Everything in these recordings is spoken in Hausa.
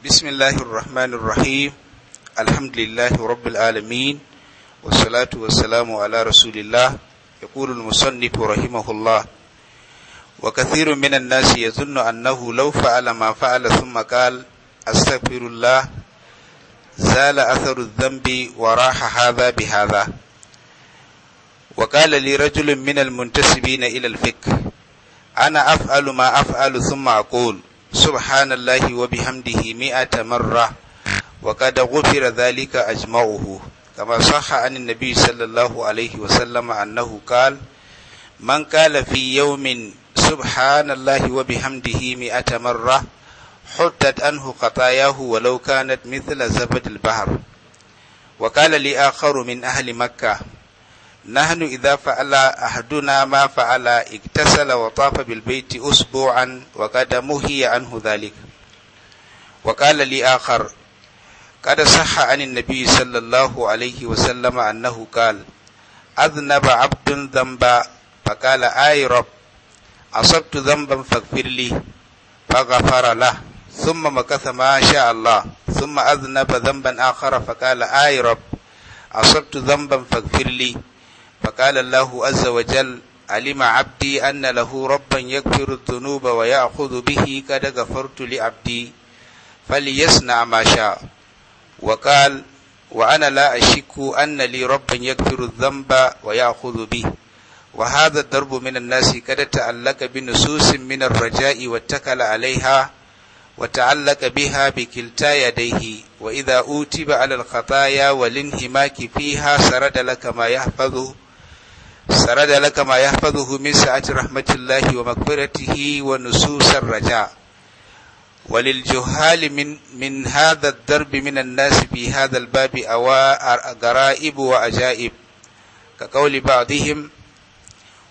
بسم الله الرحمن الرحيم الحمد لله رب العالمين والصلاة والسلام على رسول الله يقول المصنف رحمه الله وكثير من الناس يظن أنه لو فعل ما فعل ثم قال أستغفر الله زال أثر الذنب وراح هذا بهذا وقال لي رجل من المنتسبين إلى الفقه أنا أفعل ما أفعل ثم أقول سبحان الله وبحمده مئة مرة وقد غفر ذلك أجمعه كما صح عن النبي صلى الله عليه وسلم أنه قال من قال في يوم سبحان الله وبحمده مئة مرة حتت أنه خطاياه ولو كانت مثل زبد البحر وقال لآخر من أهل مكة نحن إذا فعل أحدنا ما فعل اغتسل وطاف بالبيت أسبوعا وقد مهي عنه ذلك وقال لي آخر قد صح عن النبي صلى الله عليه وسلم أنه قال أذنب عبد ذنبا فقال آي رب أصبت ذنبا فاغفر لي فغفر له ثم مكث ما شاء الله ثم أذنب ذنبا آخر فقال آي رب أصبت ذنبا فاغفر لي فقال الله عز وجل علم عبدي أن له ربا يغفر الذنوب ويأخذ به قد غفرت لعبدي فليصنع ما شاء وقال وأنا لا أشك أن لي ربا يغفر الذنب ويأخذ به وهذا الضرب من الناس قد تعلق بنصوص من الرجاء واتكل عليها وتعلق بها بكلتا يديه وإذا أوتب على الخطايا والانهماك فيها سرد لك ما يحفظه Sarada da laka ma ya fadu humin sa'ajin rahmatullahi wa makbaratihi wa nususar raja walil juhali min hadar darbi minan nasi bi hadar babi a wa a gara ibu wa aja'ib ka kauli ba dihim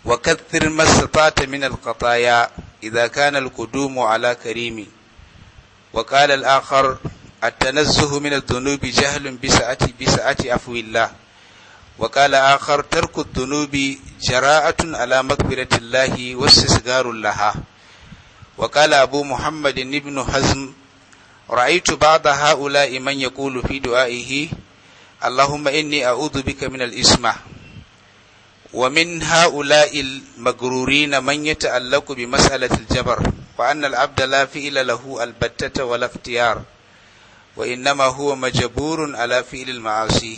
wa kathir masata min alkataya idan kana alkudumu ala karimi wa kala al'akar التنزه من الذنوب جهل بسعة بسعة عفو الله وقال آخر ترك الذنوب جراءة على مغفرة الله واستسغار لها وقال أبو محمد بن حزم رأيت بعض هؤلاء من يقول في دعائه اللهم إني أعوذ بك من الإسمة ومن هؤلاء المغرورين من يتعلق بمسألة الجبر وأن العبد لا فئل له البتة ولا اختيار وإنما هو مجبور على فئل المعاصي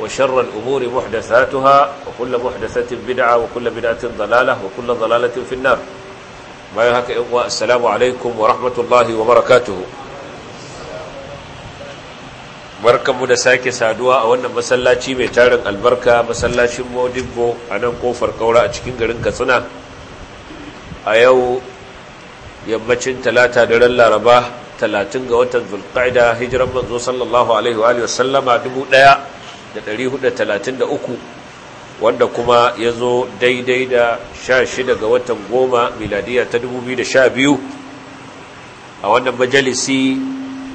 وشر الأمور محدثاتها وكل محدثة بدعة وكل بدعة ضلالة وكل ضلالة في النار ما يهك السلام عليكم ورحمة الله وبركاته barkanmu da sake saduwa a wannan masallaci mai tarin albarka masallacin Modibo a nan kofar kaura a cikin garin katsina a yau yammacin talata da ran laraba talatin ga watan zulqa'ida hijiran manzo sallallahu alaihi wa dubu ɗaya. uku, wanda kuma ya zo daidai da sha shida ga watan goma miladiya ta biyu, a wannan majalisi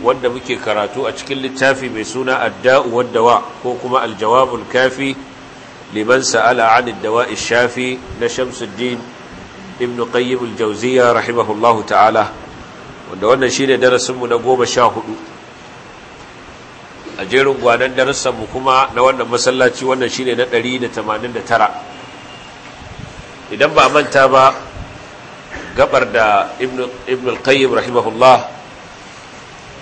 wanda muke karatu a cikin littafi mai suna adda'u waddawa ko kuma aljawabul kafi liman sa'ala 'anid dawa'i shafi na Shamsuddin ibn Qayyim al rahimahullahu ta'ala wanda wannan shine darasin mu na 14 a jerin gwanan darussanmu kuma na wannan masallaci wannan shine na 189 idan ba manta ba gabar da ibn qayyim rahimahullah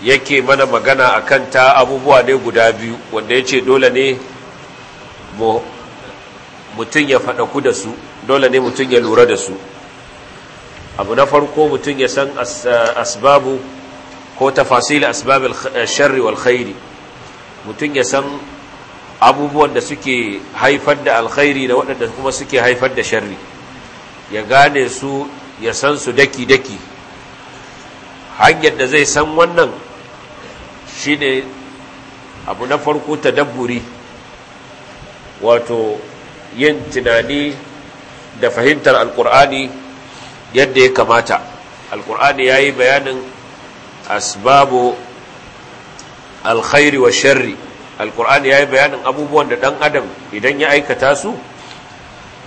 yake mana magana a ta abubuwa ne guda biyu wanda ya ce dole ne mutum ya faɗaku da su dole ne mutum ya lura da su abu na farko mutum ya san eh, asbabu ko tafasili asbabin sharri wal khairi mutum ya san abubuwan da suke haifar da alkhairi da waɗanda kuma suke haifar da sharri ya gane su ya san su daki-daki hanyar da zai san wannan shi ne abu na farko ta dabburi wato yin tunani da fahimtar alkur'ani yadda ya kamata alkur'ani ya yi bayanin asbabu alkhairi wa sharri alkur'ani ya yi bayanin abubuwan da ɗan adam idan ya aikata su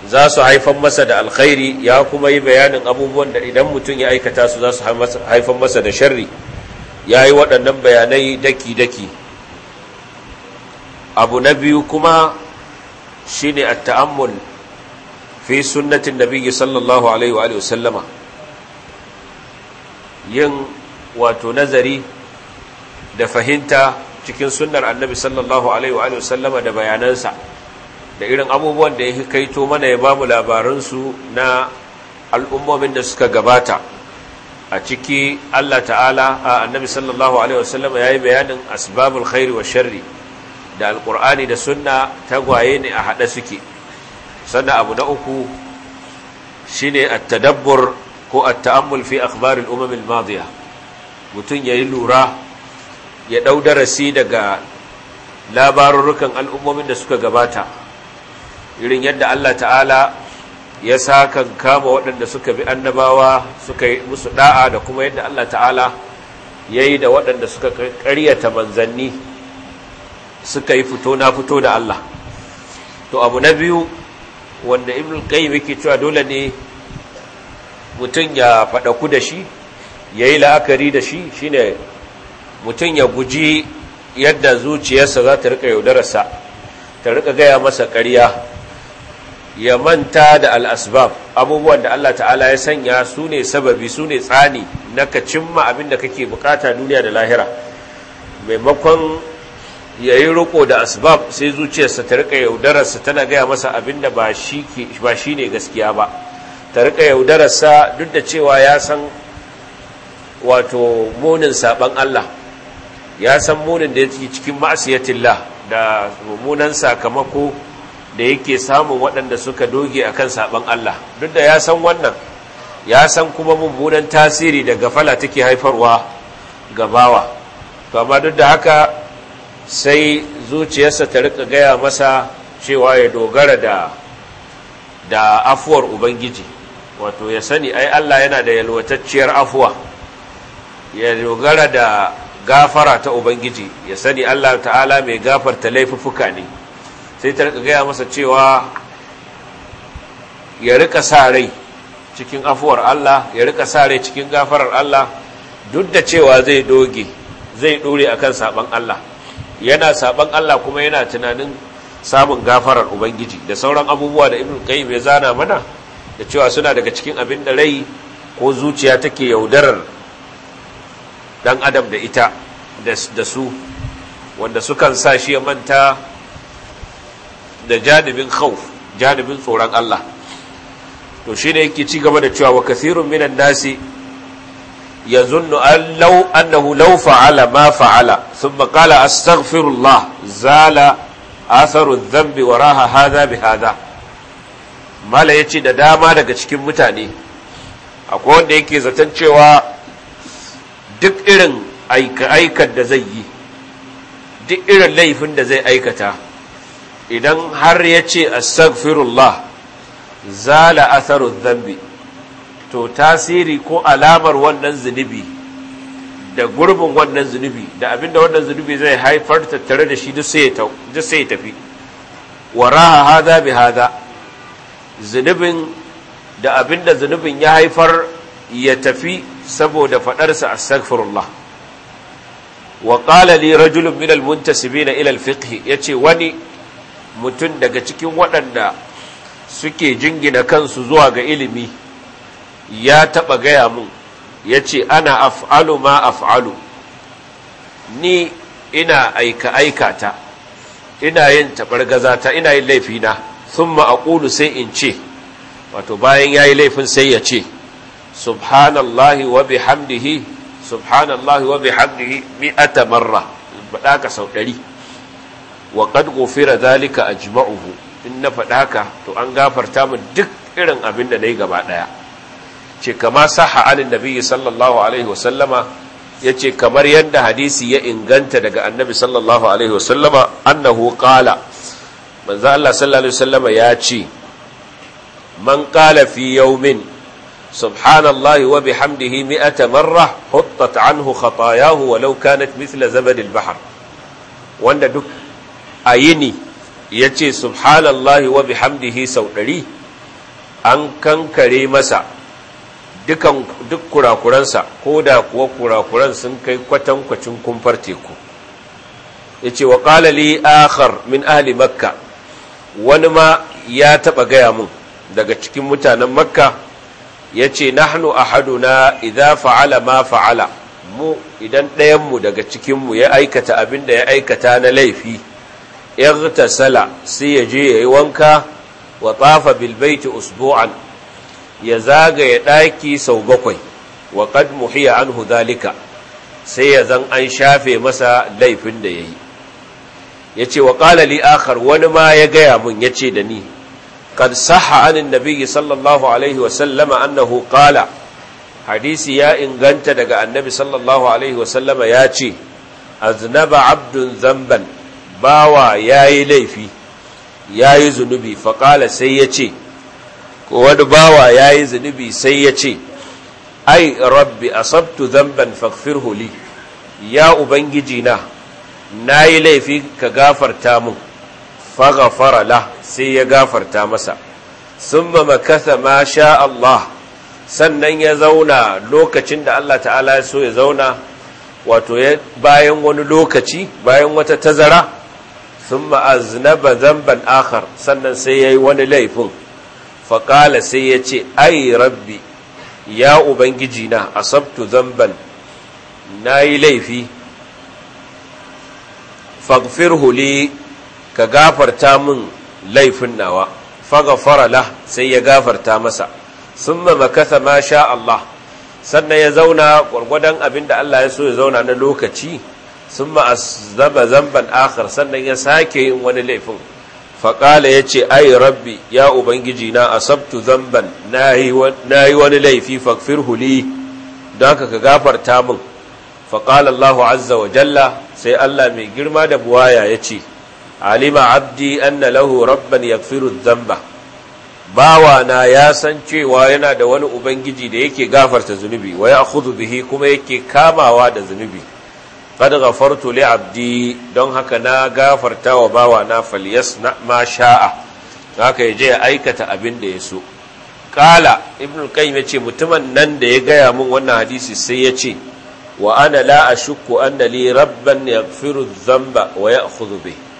za su haifan masa da alkhairi ya kuma yi bayanin abubuwan da idan mutum ya aikata su za su haifan masa da sharri ya yi waɗannan bayanai daki-daki abu na biyu kuma shi ne a ta'ammul fi sunnatin nabi sallallahu alaihi wa sallama yin wato nazari da fahimta cikin sunnar annabi sallallahu alaihi wa sallama da bayanansa da irin abubuwan da ya kaito mana ya bamu labaransu na al'ummomin da suka gabata a ciki Allah ta'ala a annabi sallallahu alaihi wa sallama ya yi bayanin asbabul khairi wa sharri da alkur'ani da sunna tagwaye ne a haɗe suke sannan abu na uku shine at-tadabbur ko at-ta'ammul fi akhbaril umam al mutum ya yayi lura ya ɗau darasi daga labarurrukan al'ummomin da suka gabata irin yadda Allah ta'ala ya sa kan kama waɗanda suka bi annabawa suka yi musu ɗa'a, da kuma yadda Allah ta'ala ya yi da waɗanda suka ƙaryata manzanni suka yi fito na fito da Allah to abu na biyu wanda ibn qayyim yake cewa dole ne mutum ya faɗaku da shi ya yi la'akari da shi shine mutum ya guji yadda zuciyarsa za ta rika yaudararsa ta rika gaya masa ƙarya ya manta da al'asbab abubuwan da Allah ta'ala ya sanya su ne sababi su ne tsani na ka cimma abin da kake bukata duniya da lahira maimakon ya yi riko da asbab sai zuciyarsa ta rika yaudararsa tana gaya masa abin da ba shi ne gaskiya ba ta rika yaudararsa duk da cewa ya san wato munin saban Allah ya san munin da ya yake cikin ma'asiyatillah da mummunan sakamako da yake samun waɗanda suka doge akan saban Allah duk da ya san wannan ya san kuma mummunan tasiri da gafala take haifarwa gabawa bawa to amma duk da haka sai zuciyarsa ta rika gaya masa cewa ya dogara da da afuwar ubangiji wato ya sani ai Allah yana da yalwatacciyar afuwa ya dogara da gafara ta ubangiji ya sani Allah ta'ala mai gafarta laifuffuka ne sai ta rika gaya masa cewa ya rika sa rai cikin afuwar Allah ya rika sa rai cikin gafarar Allah duk da cewa zai doge zai dore akan saban Allah yana saban Allah kuma yana tunanin samun gafarar ubangiji da sauran abubuwa da ibn qayyim ya zana mana da cewa suna daga cikin abin da rai ko zuciya take yaudarar dan adam da ita da su wanda sukan sa shi ya manta da janibin khauf janibin tsoron Allah to shine yake ci gaba da cewa wa kathirun minan nasi yazunnu an law annahu law fa'ala ma fa'ala thumma qala astaghfirullah zala atharu dhanbi wa raha hadha bi hadha mala yace da dama daga cikin mutane akwai wanda yake zaton cewa duk irin aika-aikar da zai yi duk irin laifin da zai aikata idan har ya ce za zala asaru zambi to tasiri ko alamar wannan zunubi da gurbin wannan zunubi da abinda wannan zunubi zai haifar tattare da shi duk sai ya tafi waraha haza bi haza zunubin da abinda zunubin ya haifar ya tafi saboda faɗarsa astaghfirullah wa qala li rajulun min almuntasibina ila ya yace wani mutum daga cikin waɗanda suke jingina kansu zuwa ga ilimi ya taɓa gaya mun yace ana af'alu ma af'alu ni ina aika aikata ina yin taɓargazata ina yin laifina sun ma'aƙulu sai in ce wato bayan ya yi laifin sai ya ce subhanallahi wa bihamdihi subhanallahi wa bihamdihi mi'ata marra faɗa ka sau ɗari wa qad zalika a jima'u in na faɗa ka to an gafarta min duk irin abin da nayi gaba ɗaya ce saha alin nabiyyi sallallahu alaihi wa sallama yace kamar yadda hadisi ya inganta daga annabi sallallahu alaihi wa sallama annahu qala manzo Allah sallallahu wa ya ce man qala fi subhanallahi wa bihamdihi mi'ata marra huttat anhu khatayahu walau kanat mithla zabadil bahar. wanda duk ayini yace subhanallahi wa bihamdihi sau ɗari an kankare masa dukan duk kurakuransa ko da kuwa kurakuran sun kai kwatankwacin kumfar teku yace wa qala li akhar min ahli makka wani ma ya taɓa gaya mun daga cikin mutanen makka Ya yace nahnu na iza fa'ala ma fa'ala mu idan ɗayan mu daga cikinmu ya aikata abin da ya aikata na laifi sala sai ya je yayi wanka wa tafa bilbaiti usbu'an ya zagaya ɗaki sau bakwai wa qad muhiya anhu zalika, sai ya zan an shafe masa laifin da ya yi. Ya ce wa ƙalali li'akar wani ma ya gaya mun yace da ni قد صح عن النبي صلى الله عليه وسلم أنه قال حديثي يا إن غنت دقى النبي صلى الله عليه وسلم ياتي أذنب عبد ذنبا باوا ياي ليفي ياي ذنبي فقال سيتي wani bawa ya yi zunubi sai ya ce ai rabbi asabtu zamban faghfir huli ya ubangiji na na yi laifi ka gafarta mun faghfara la sai ya gafarta masa summa makasa ma sha Allah sannan ya zauna lokacin da Allah ta'ala ya so ya zauna wato bayan wani lokaci bayan wata tazara summa aznaba zamban akhar sannan sai ya yi wani laifin faƙala sai ya ce ai rabbi ya ubangiji na asabtu zamban yi laifi faghfirhu huli ka gafarta min laifin nawa faghfara la sai ya gafarta masa sun makatha ma sha Allah sannan ya zauna abin abinda Allah ya so ya zauna na lokaci sun azzaba zamban akhar sannan ya sake yin wani laifin faƙala ya ce ai rabbi ya ubangiji na asabtu zamban na yi wani laifi fakfir huli don ka gafarta min faƙala Allah azza wa jalla sai Allah mai girma da buwaya ya ce alima abdi anna له rabban يغفر الذنب bawa na ya san cewa yana da wani ubangiji da yake gafarta zunubi wa ya'khudhu bihi kuma yake kamawa da zunubi qad ghafartu li abdi don haka na gafarta wa bawa na falyasna ma sha'a haka yaje ya aikata abin da ya so kala ibnu qayyim yace mutumin nan da ya gaya mun wannan hadisi sai yace wa ana la ashukku anna li rabban yaghfiru dhanba wa ya'khudhu bihi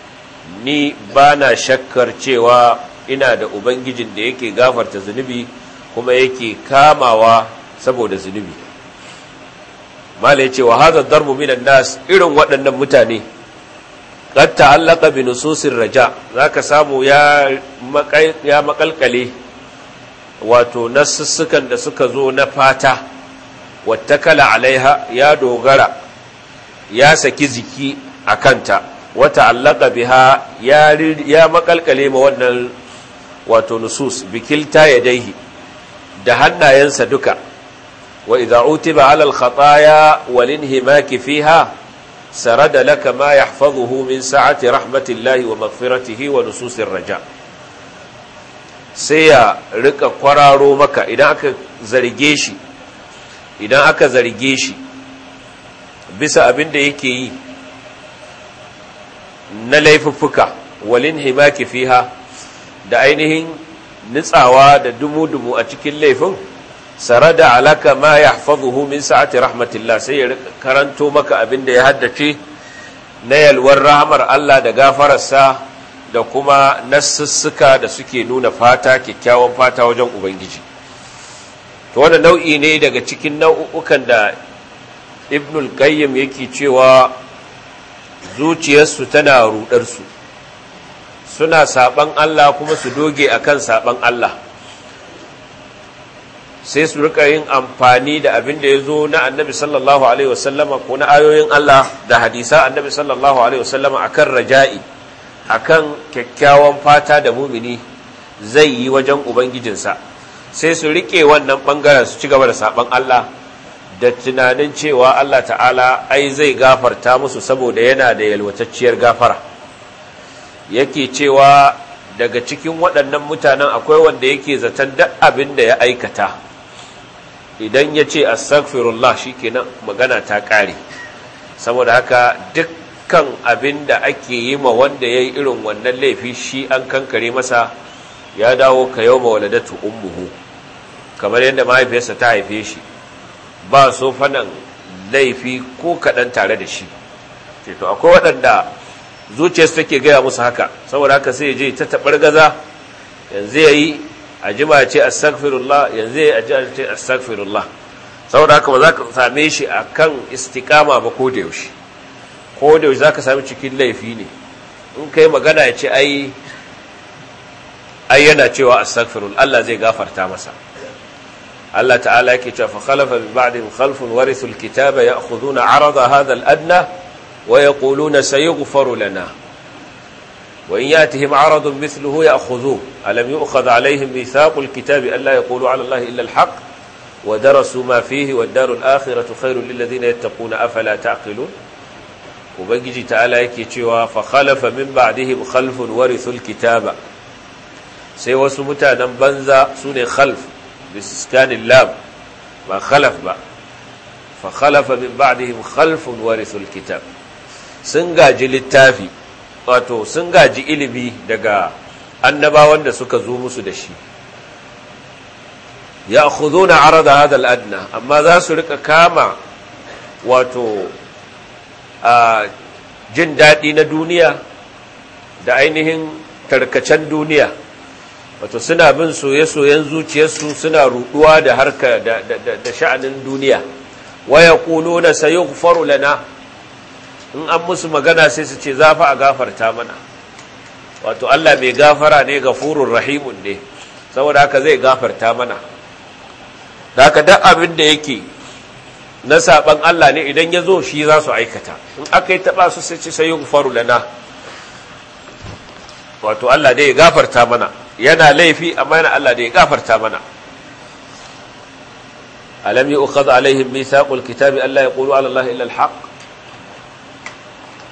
ni ba na shakkar cewa ina da ubangijin da yake gafarta zunubi kuma yake kamawa saboda zunubi mala yace wa hadha darbu minan nas irin waɗannan mutane qad ta'allaqa bi nususir raja zaka samu ya makalkale wato nasussukan da suka zo na fata wattakala alaiha ya dogara ya saki jiki a kanta wata allaka biha ya makalkale ma wannan wato nusus bikilta ya daihi da hannayensa duka wa idza utiba ala al-khataya wal inhimaki fiha sarada laka ma yahfazuhu min sa'ati rahmatillahi wa maghfiratihi wa nususir raja sai ya rika kwararo maka idan aka zarge shi idan aka zarge shi bisa abin da yake yi na laifuffuka walin himaki fiha da ainihin nitsawa da dumu-dumu a cikin laifin sarada alaka ma ya fazuhu min sa'ati rahmatillah sai ya karanto maka abin da ya haddace na yalwar rahamar Allah da gafararsa da kuma nassussuka da suke nuna fata kyakkyawan fata wajen Ubangiji to wani nau'i ne daga cikin nau'ukan da ibnul qayyim yake cewa zuciyarsu tana rudarsu suna saban Allah kuma su doge akan saban Allah sai su rika yin amfani da abin da ya zo na annabi sallallahu alaihi wasallama ko na ayoyin Allah da hadisa annabi sallallahu alaihi wasallama akan raja'i akan kyakkyawan fata da mumini zai yi wajen ubangijinsa sai su rike wannan ɓangaren su ci gaba da saban Allah da tunanin cewa Allah ta'ala ai zai gafarta musu saboda yana da yalwatacciyar gafara yake cewa daga cikin waɗannan mutanen akwai wanda yake zaton duk abin da ya aikata idan ya ce astaghfirullah kenan magana ta ƙare saboda haka dukkan abin da ake yi ma wanda ya yi irin wannan laifi shi an kankare masa ya dawo ka yau ma waladatu ummuhu kamar yadda mahaifiyarsa ta haife shi ba so fanan laifi ko kaɗan tare da shi ce to akwai waɗanda zuciyarsu take gaya musu haka saboda haka sai je ta taɓar gaza yanzu ya yi a jima ce astagfirullah yanzu ya yi a ce astagfirullah saboda haka ba za ka same shi a kan istikama ba ko da yaushe ko da yaushe za ka sami cikin laifi ne in kai magana ya ce ai yana cewa astagfirullah Allah zai gafarta masa Allah ta'ala yake cewa fa khalafa bi ba'din khalfun warithu al-kitaba ya'khuduna 'arada hadha al-adna wa yaquluna sayughfaru lana wa in yatihim 'aradun mithluhu ya'khudhuhu alam yu'khadh 'alayhim mithaqu al-kitabi alla yaqulu 'ala Allah illa al-haqq wa darasu ma fihi wad-daru al-akhiratu khayrun lil-ladhina yattaquna afala ta'qilun ubangiji ta'ala yake cewa fa khalafa min ba'dihim khalfun warithu al-kitaba sai wasu mutanen banza sune khalf bisistanin lam ba khalaf ba fa khalafa min ba'dihim khalfun warithul kitab sun gaji littafi wato sun gaji ilimi daga annabawan da suka zo musu da shi ya khuduna arada hada al'adna amma za su rika kama wato a jin daɗi na duniya da ainihin tarkacen duniya wato suna bin soye-soyen zuciyarsu suna ruduwa da harka da sha'anin duniya waya kuno na sayo faru lana in an musu magana sai su ce zafi a gafarta mana wato allah mai gafara ne ga furun rahimun ne saboda haka zai gafarta mana da haka duk abin da yake na saban allah ne idan ya zo shi za su aikata in aka yi taɓa su sai ce sayo faru lana wato allah ne ya gafarta mana yana laifi amma yana Allah da ya gafarta mana alam yu'khadh alaihim mithaqul kitabi allah yaqulu ala Allah illa al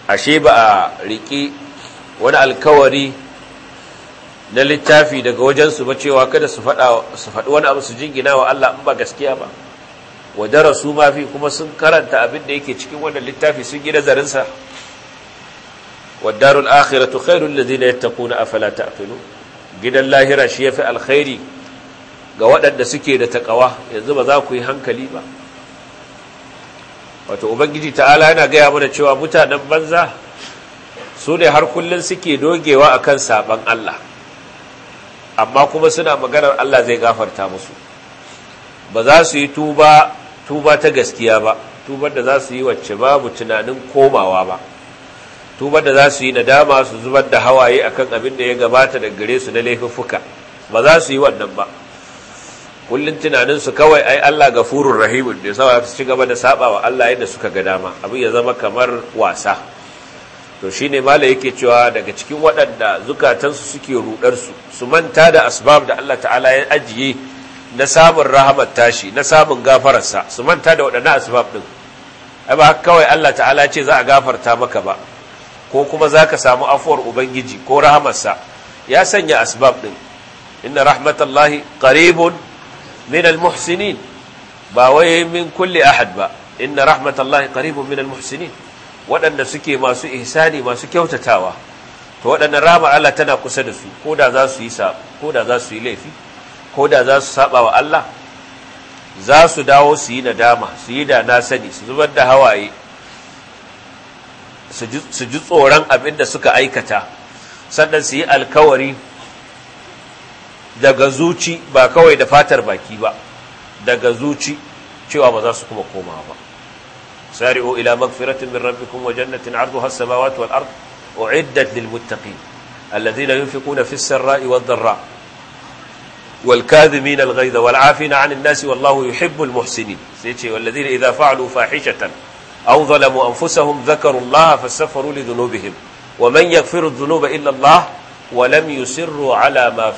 ashe ba a riki wani alkawari na littafi daga wajensu ba cewa kada su faɗi wani abu su jingina wa Allah in ba gaskiya ba wa darasu ma fi kuma sun karanta abin da yake cikin wannan littafi sun yi nazarin sa wa darul akhiratu khairul ladina yattaquna afala ta'qilun gidan lahira shi ya fi alkhairi ga waɗanda suke da taƙawa yanzu ba za ku yi hankali ba wato ubangiji ta'ala yana gaya mana cewa mutanen banza su ne har kullum suke dogewa a kan sabon Allah amma kuma suna maganar Allah zai gafarta musu ba za su yi tuba ta gaskiya ba tubar da za su yi wacce babu tunanin komawa ba tubar da za su yi nadama su zubar da hawaye kan abin da ya gabata da gare su na laifuffuka ba za su yi wannan ba kullun tunanin su kawai ai Allah gafurur rahimun da sawa su ci gaba da saba wa Allah yadda suka ga dama abin ya zama kamar wasa to shine mala yake cewa daga cikin waɗanda zukatansu suke rudar su su manta da asbab da Allah ta'ala ya ajiye na samun rahamar tashi na samun gafararsa su manta da waɗannan asbab din ai ba kawai Allah ta'ala ce za a gafarta maka ba ko kuma za ka samu afuwar ubangiji ko rahamarsa ya sanya asbab ɗin inna rahmatallahi qaribun min almuhsinin ba wai min kulli ahad ba inna rahmatallahi qaribun min almuhsinin waɗanda suke masu ihsani masu kyautatawa to waɗannan rahama Allah tana kusa da su ko da za su yi ko da za su yi laifi ko da za su saba wa Allah za su dawo su yi nadama su yi da na sani su zubar da hawaye su ji tsoron abin da suka aikata sannan su yi alkawari daga zuci ba kawai da fatar baki ba daga zuci cewa ba za su kuma koma ba sari'u ila magfiratin min rabbikum wa jannatin arduha as-samawati wal ard u'iddat lil muttaqin alladhina yunfiquna fis sarra'i wad dharra wal kadhimina al ghayza wal 'afina 'anil nasi wallahu yuhibbul muhsinin sai ce walladhina idza fa'alu fahishatan aw zalamu anfusahum dhakaru Allah fastaghfiru li dhunubihim wa man yaghfiru dhunuba illa wa lam yusirru ala ma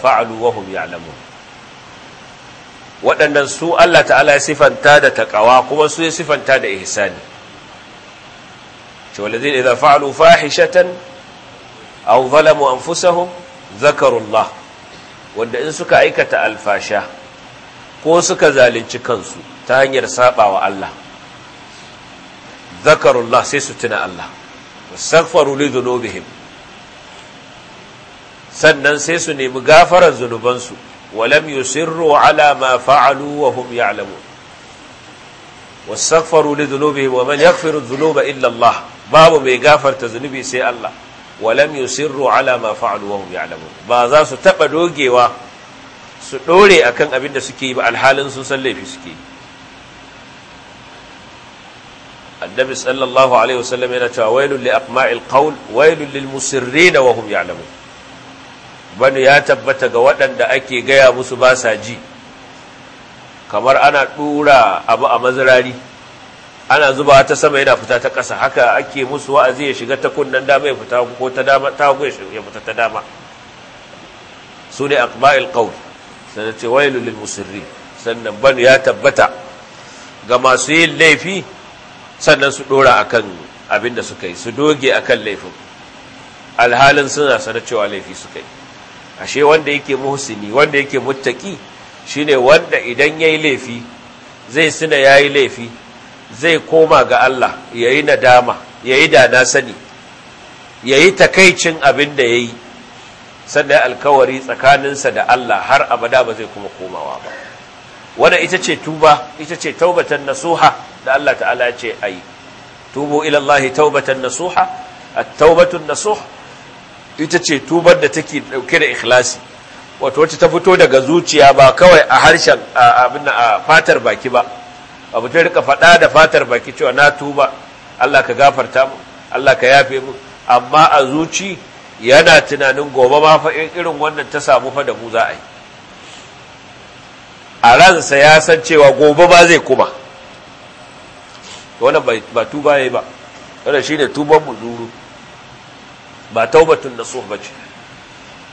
waɗannan su Allah ta'ala ya sifanta da taƙawa kuma su ya sifanta da ihsani to alladhina idza fa'alu fahishatan aw zalamu anfusahum dhakaru zakarullah wanda in suka aikata alfasha ko suka zalunci kansu ta hanyar saɓawa Allah zakarullah sai su tuna Allah wastaghfaru li dhunubihim sannan sai su nemi gafaran zunubansu walam yusirru ala ma fa'alu wa hum ya'lamun wastaghfaru li dhunubihim wa man yaghfiru dhunuba illa Allah babu mai gafarta zunubi sai Allah walam yusirru ala ma fa'alu wa hum ya'lamun ba za su taba dogewa su dore akan abin da suke yi ba alhalin sun san laifi suke yi annabi sallallahu alaihi wasallam yana cewa wailul li aqma'il qawl wailul lil musirrin wa hum ya'lamun bani ya tabbata ga waɗanda ake gaya musu ba sa ji kamar ana dura abu a mazirari ana zuba ta sama yana fita ta ƙasa haka ake musu wa'azi ya shiga ta kunnan dama ya fita ko ta dama ta hagu ya fita ta dama su ne aqma'il qawl sannan ce wailul lil musirrin sannan bani ya tabbata ga masu yin laifi sannan su dora kan abin da suka yi su doge a kan laifin alhalin suna sanar cewa laifi suka yi ashe wanda yake muhsini wanda yake muttaki shine wanda idan yayi laifi zai suna yayi laifi zai koma ga Allah yayi nadama yayi da na sani yayi takaicin abin da yayi sannan alkawari tsakaninsa da Allah har abada ba zai kuma komawa ba wannan ita ce tuba ita ce taubatan nasuha da Allah ta'ala ya ce ayi tubu ila Allah taubatan nasuha at-taubatu nasuh ita ce tubar da take dauke da ikhlasi wato wacce ta fito daga zuciya ba kawai a harshen abin a fatar baki ba abu ta rika faɗa da fatar baki cewa na tuba Allah ka gafarta mu Allah ka yafe mu amma a zuci yana tunanin gobe ma fa irin wannan ta samu fa da mu za a yi a ransa ya san cewa gobe ba zai kuma wannan ba tuba ya yi ba wannan ne tuban muzuru ba taubatun ba ce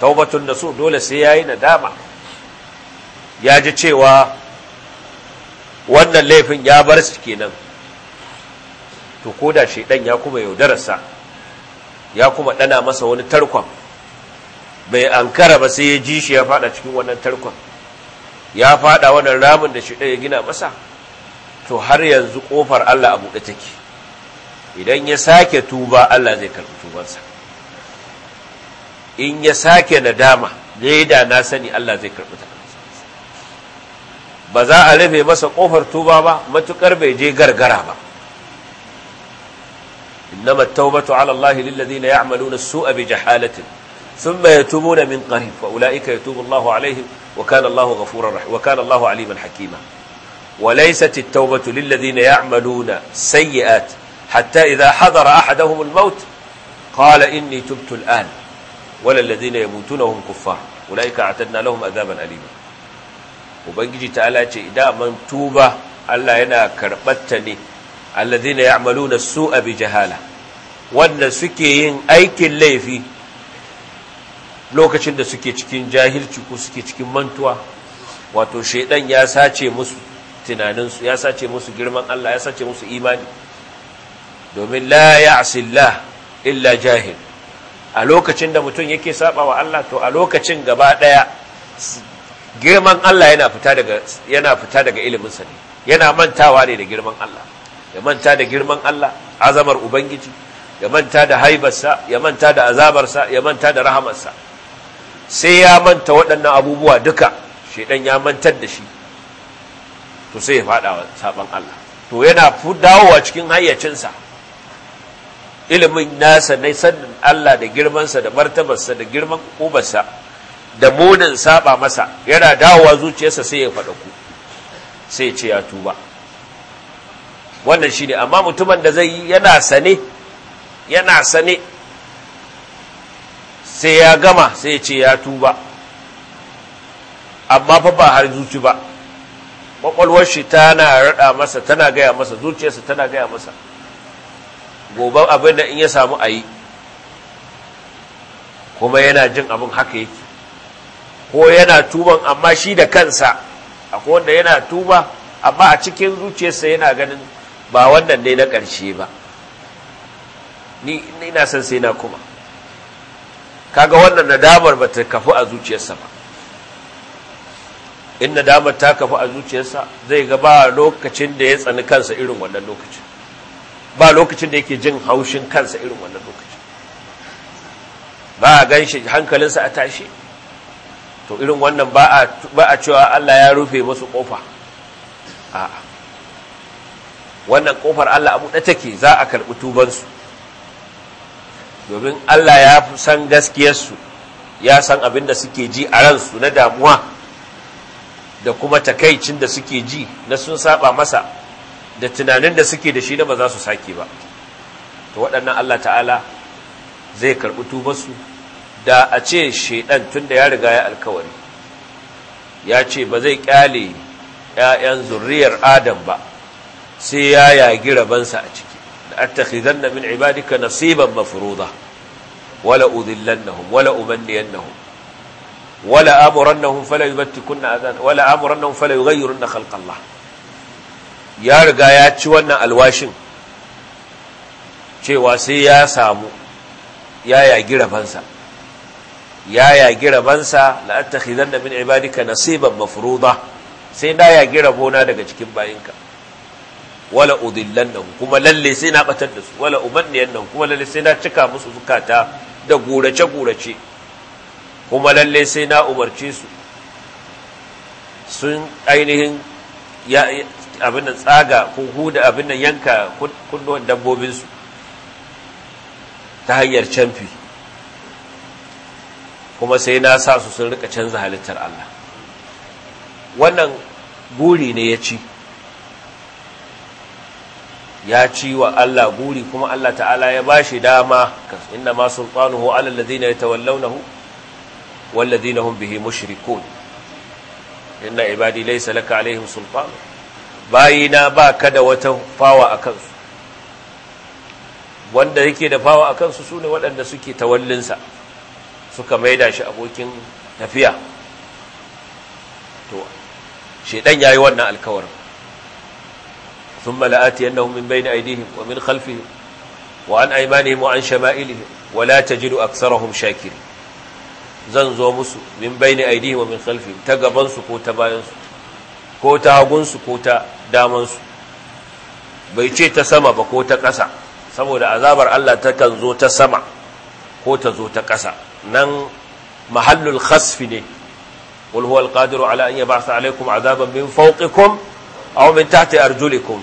taubatun nasuh dole sai ya yayi nadama ya ji cewa wannan laifin ya bar ke kenan to ko da shi ɗan ya kuma yaudararsa ya kuma ɗana masa wani tarkon bai ankara ba sai ya ji shi ya fada cikin wannan tarkon ya fada wannan ramin da shi ya gina masa to har yanzu kofar Allah a buɗe take idan ya sake tuba Allah zai karɓi tubansa in ya sake nadama leda na sani Allah zai karɓi ta ba za a rufe masa kofar tuba ba matukar bai je gargara ba innama taubatu ala Allah lillazina ya'maluna su'a bi jahalatin thumma yatubuna min qarib fa ulaika yatubu Allahu alaihim wa kana Allahu ghafurar wa kana Allahu aliman hakima وليست التوبة للذين يعملون سيئات حتى إذا حضر أحدهم الموت قال إني تبت الآن ولا الذين يموتون وهم كفار أولئك أعتدنا لهم أذابا أليما وبنجي تعالى إذا من توبة ألا ينا كربتني الذين يعملون السوء بجهالة وأن سكيين أيك الليفي lokacin da suke cikin jahilci ko suke cikin mantuwa wato shaidan ya sace musu tunaninsu ya sace musu girman Allah ya sace musu imani domin la ya'sillah illa jahil a lokacin da mutum yake saba wa Allah to a lokacin gaba daya girman Allah yana fita daga yana ilimin sa yana mantawa ne da girman Allah ya manta da girman Allah azamar ubangiji ya manta da haibarsa ya manta da azabarsa ya manta da rahamarsa sai ya manta waɗannan abubuwa duka shedan ya mantar da shi to sai ya fada wa sabon Allah to yana dawowa cikin hayyacinsa ilimin nasa na sannin Allah da girmansa da martabarsa da girman ubarsa da munin saba masa yana dawowa zuciyarsa sai ya faɗa ku sai ce ya tuba wannan shi ne, amma mutumin da zai yi yana sane yana sane sai ya gama sai ce ya tuba amma fa ba har zuci ba kwakwalwar shi tana rada masa tana gaya masa zuciyarsa tana gaya masa gobe abin da in ya samu a yi kuma yana jin abin haka yake ko yana tuban amma shi da kansa akwai wanda yana tuba amma a cikin zuciyarsa yana ganin ba wannan ne na ƙarshe ba ni ina son sai na kuma kaga wannan nadamar ba ta kafu a zuciyarsa ba in damar ta kafa a zuciyarsa zai ga ba lokacin da ya tsani kansa irin wannan lokacin ba lokacin da yake jin haushin kansa irin wannan lokacin ba a gan shi hankalinsa a tashi to irin wannan ba a cewa Allah ya rufe masu kofa a wannan kofar Allah abu da take za a karɓi tubansu domin Allah ya san gaskiyarsu ya san abin da suke ji a ransu na damuwa da kuma takaicin da suke ji na sun saba masa da tunanin da suke da shi da ba za su sake ba to waɗannan Allah ta'ala zai karɓi tubarsu da a ce shaidan tun da ya riga ya alkawari ya ce ba zai ƙyale ‘ya'yan zuriyar adam ba sai ya yagi rabansa a ciki da attakhizanna min ibadika nasiban mafruḍa wala udillannahum wala umanniyannahum wala amurannahum fala yubattikunna azan wala amurannahum fala yughayyirunna khalqallah ya riga ya ci wannan alwashin cewa sai ya samu ya yagi rabansa ya yagi rabansa la attakhidanna min ibadika nasiban mafruḍa sai na yagi rabona daga cikin bayinka wala udillannahum kuma lalle sai na batar da su wala umanniyannahum kuma lalle sai na cika musu zukata da gurace gurace kuma lalle sai na umarci su sun ainihin abin da tsaga ko huda abin da yanka kunnuwan dabbobinsu ta hanyar canfi kuma sai na sa su sun rika canza halittar Allah wannan guri ne ya ci ya ci wa Allah guri kuma Allah ta'ala ya ba shi dama inna ma sultanuhu ala alladhina yatawallawnahu والذين هم به مشركون إن عبادي ليس لك عليهم سلطان باينا با fawa وتفاوى أكنس wanda yake da fawa a kansu su ne waɗanda suke tawallinsa suka maida shi abokin tafiya to shaidan ya yi wannan alkawarin sun mala'ati yannahum min bayni aidihim wa min khalfihim wa an aymanihim wa an shama'ilihim wa la tajidu aksarahum shakirin zan zo musu min bayni aidihi wa min khalfi ta gaban su ko ta bayan su ko ta hagun su ko ta daman su bai ce ta sama ba ko ta ƙasa saboda azabar Allah ta kan zo ta sama ko ta zo ta ƙasa nan mahallul khasfi ne wal huwa alqadiru ala an yab'atha alaykum azaban min fawqikum aw min tahti arjulikum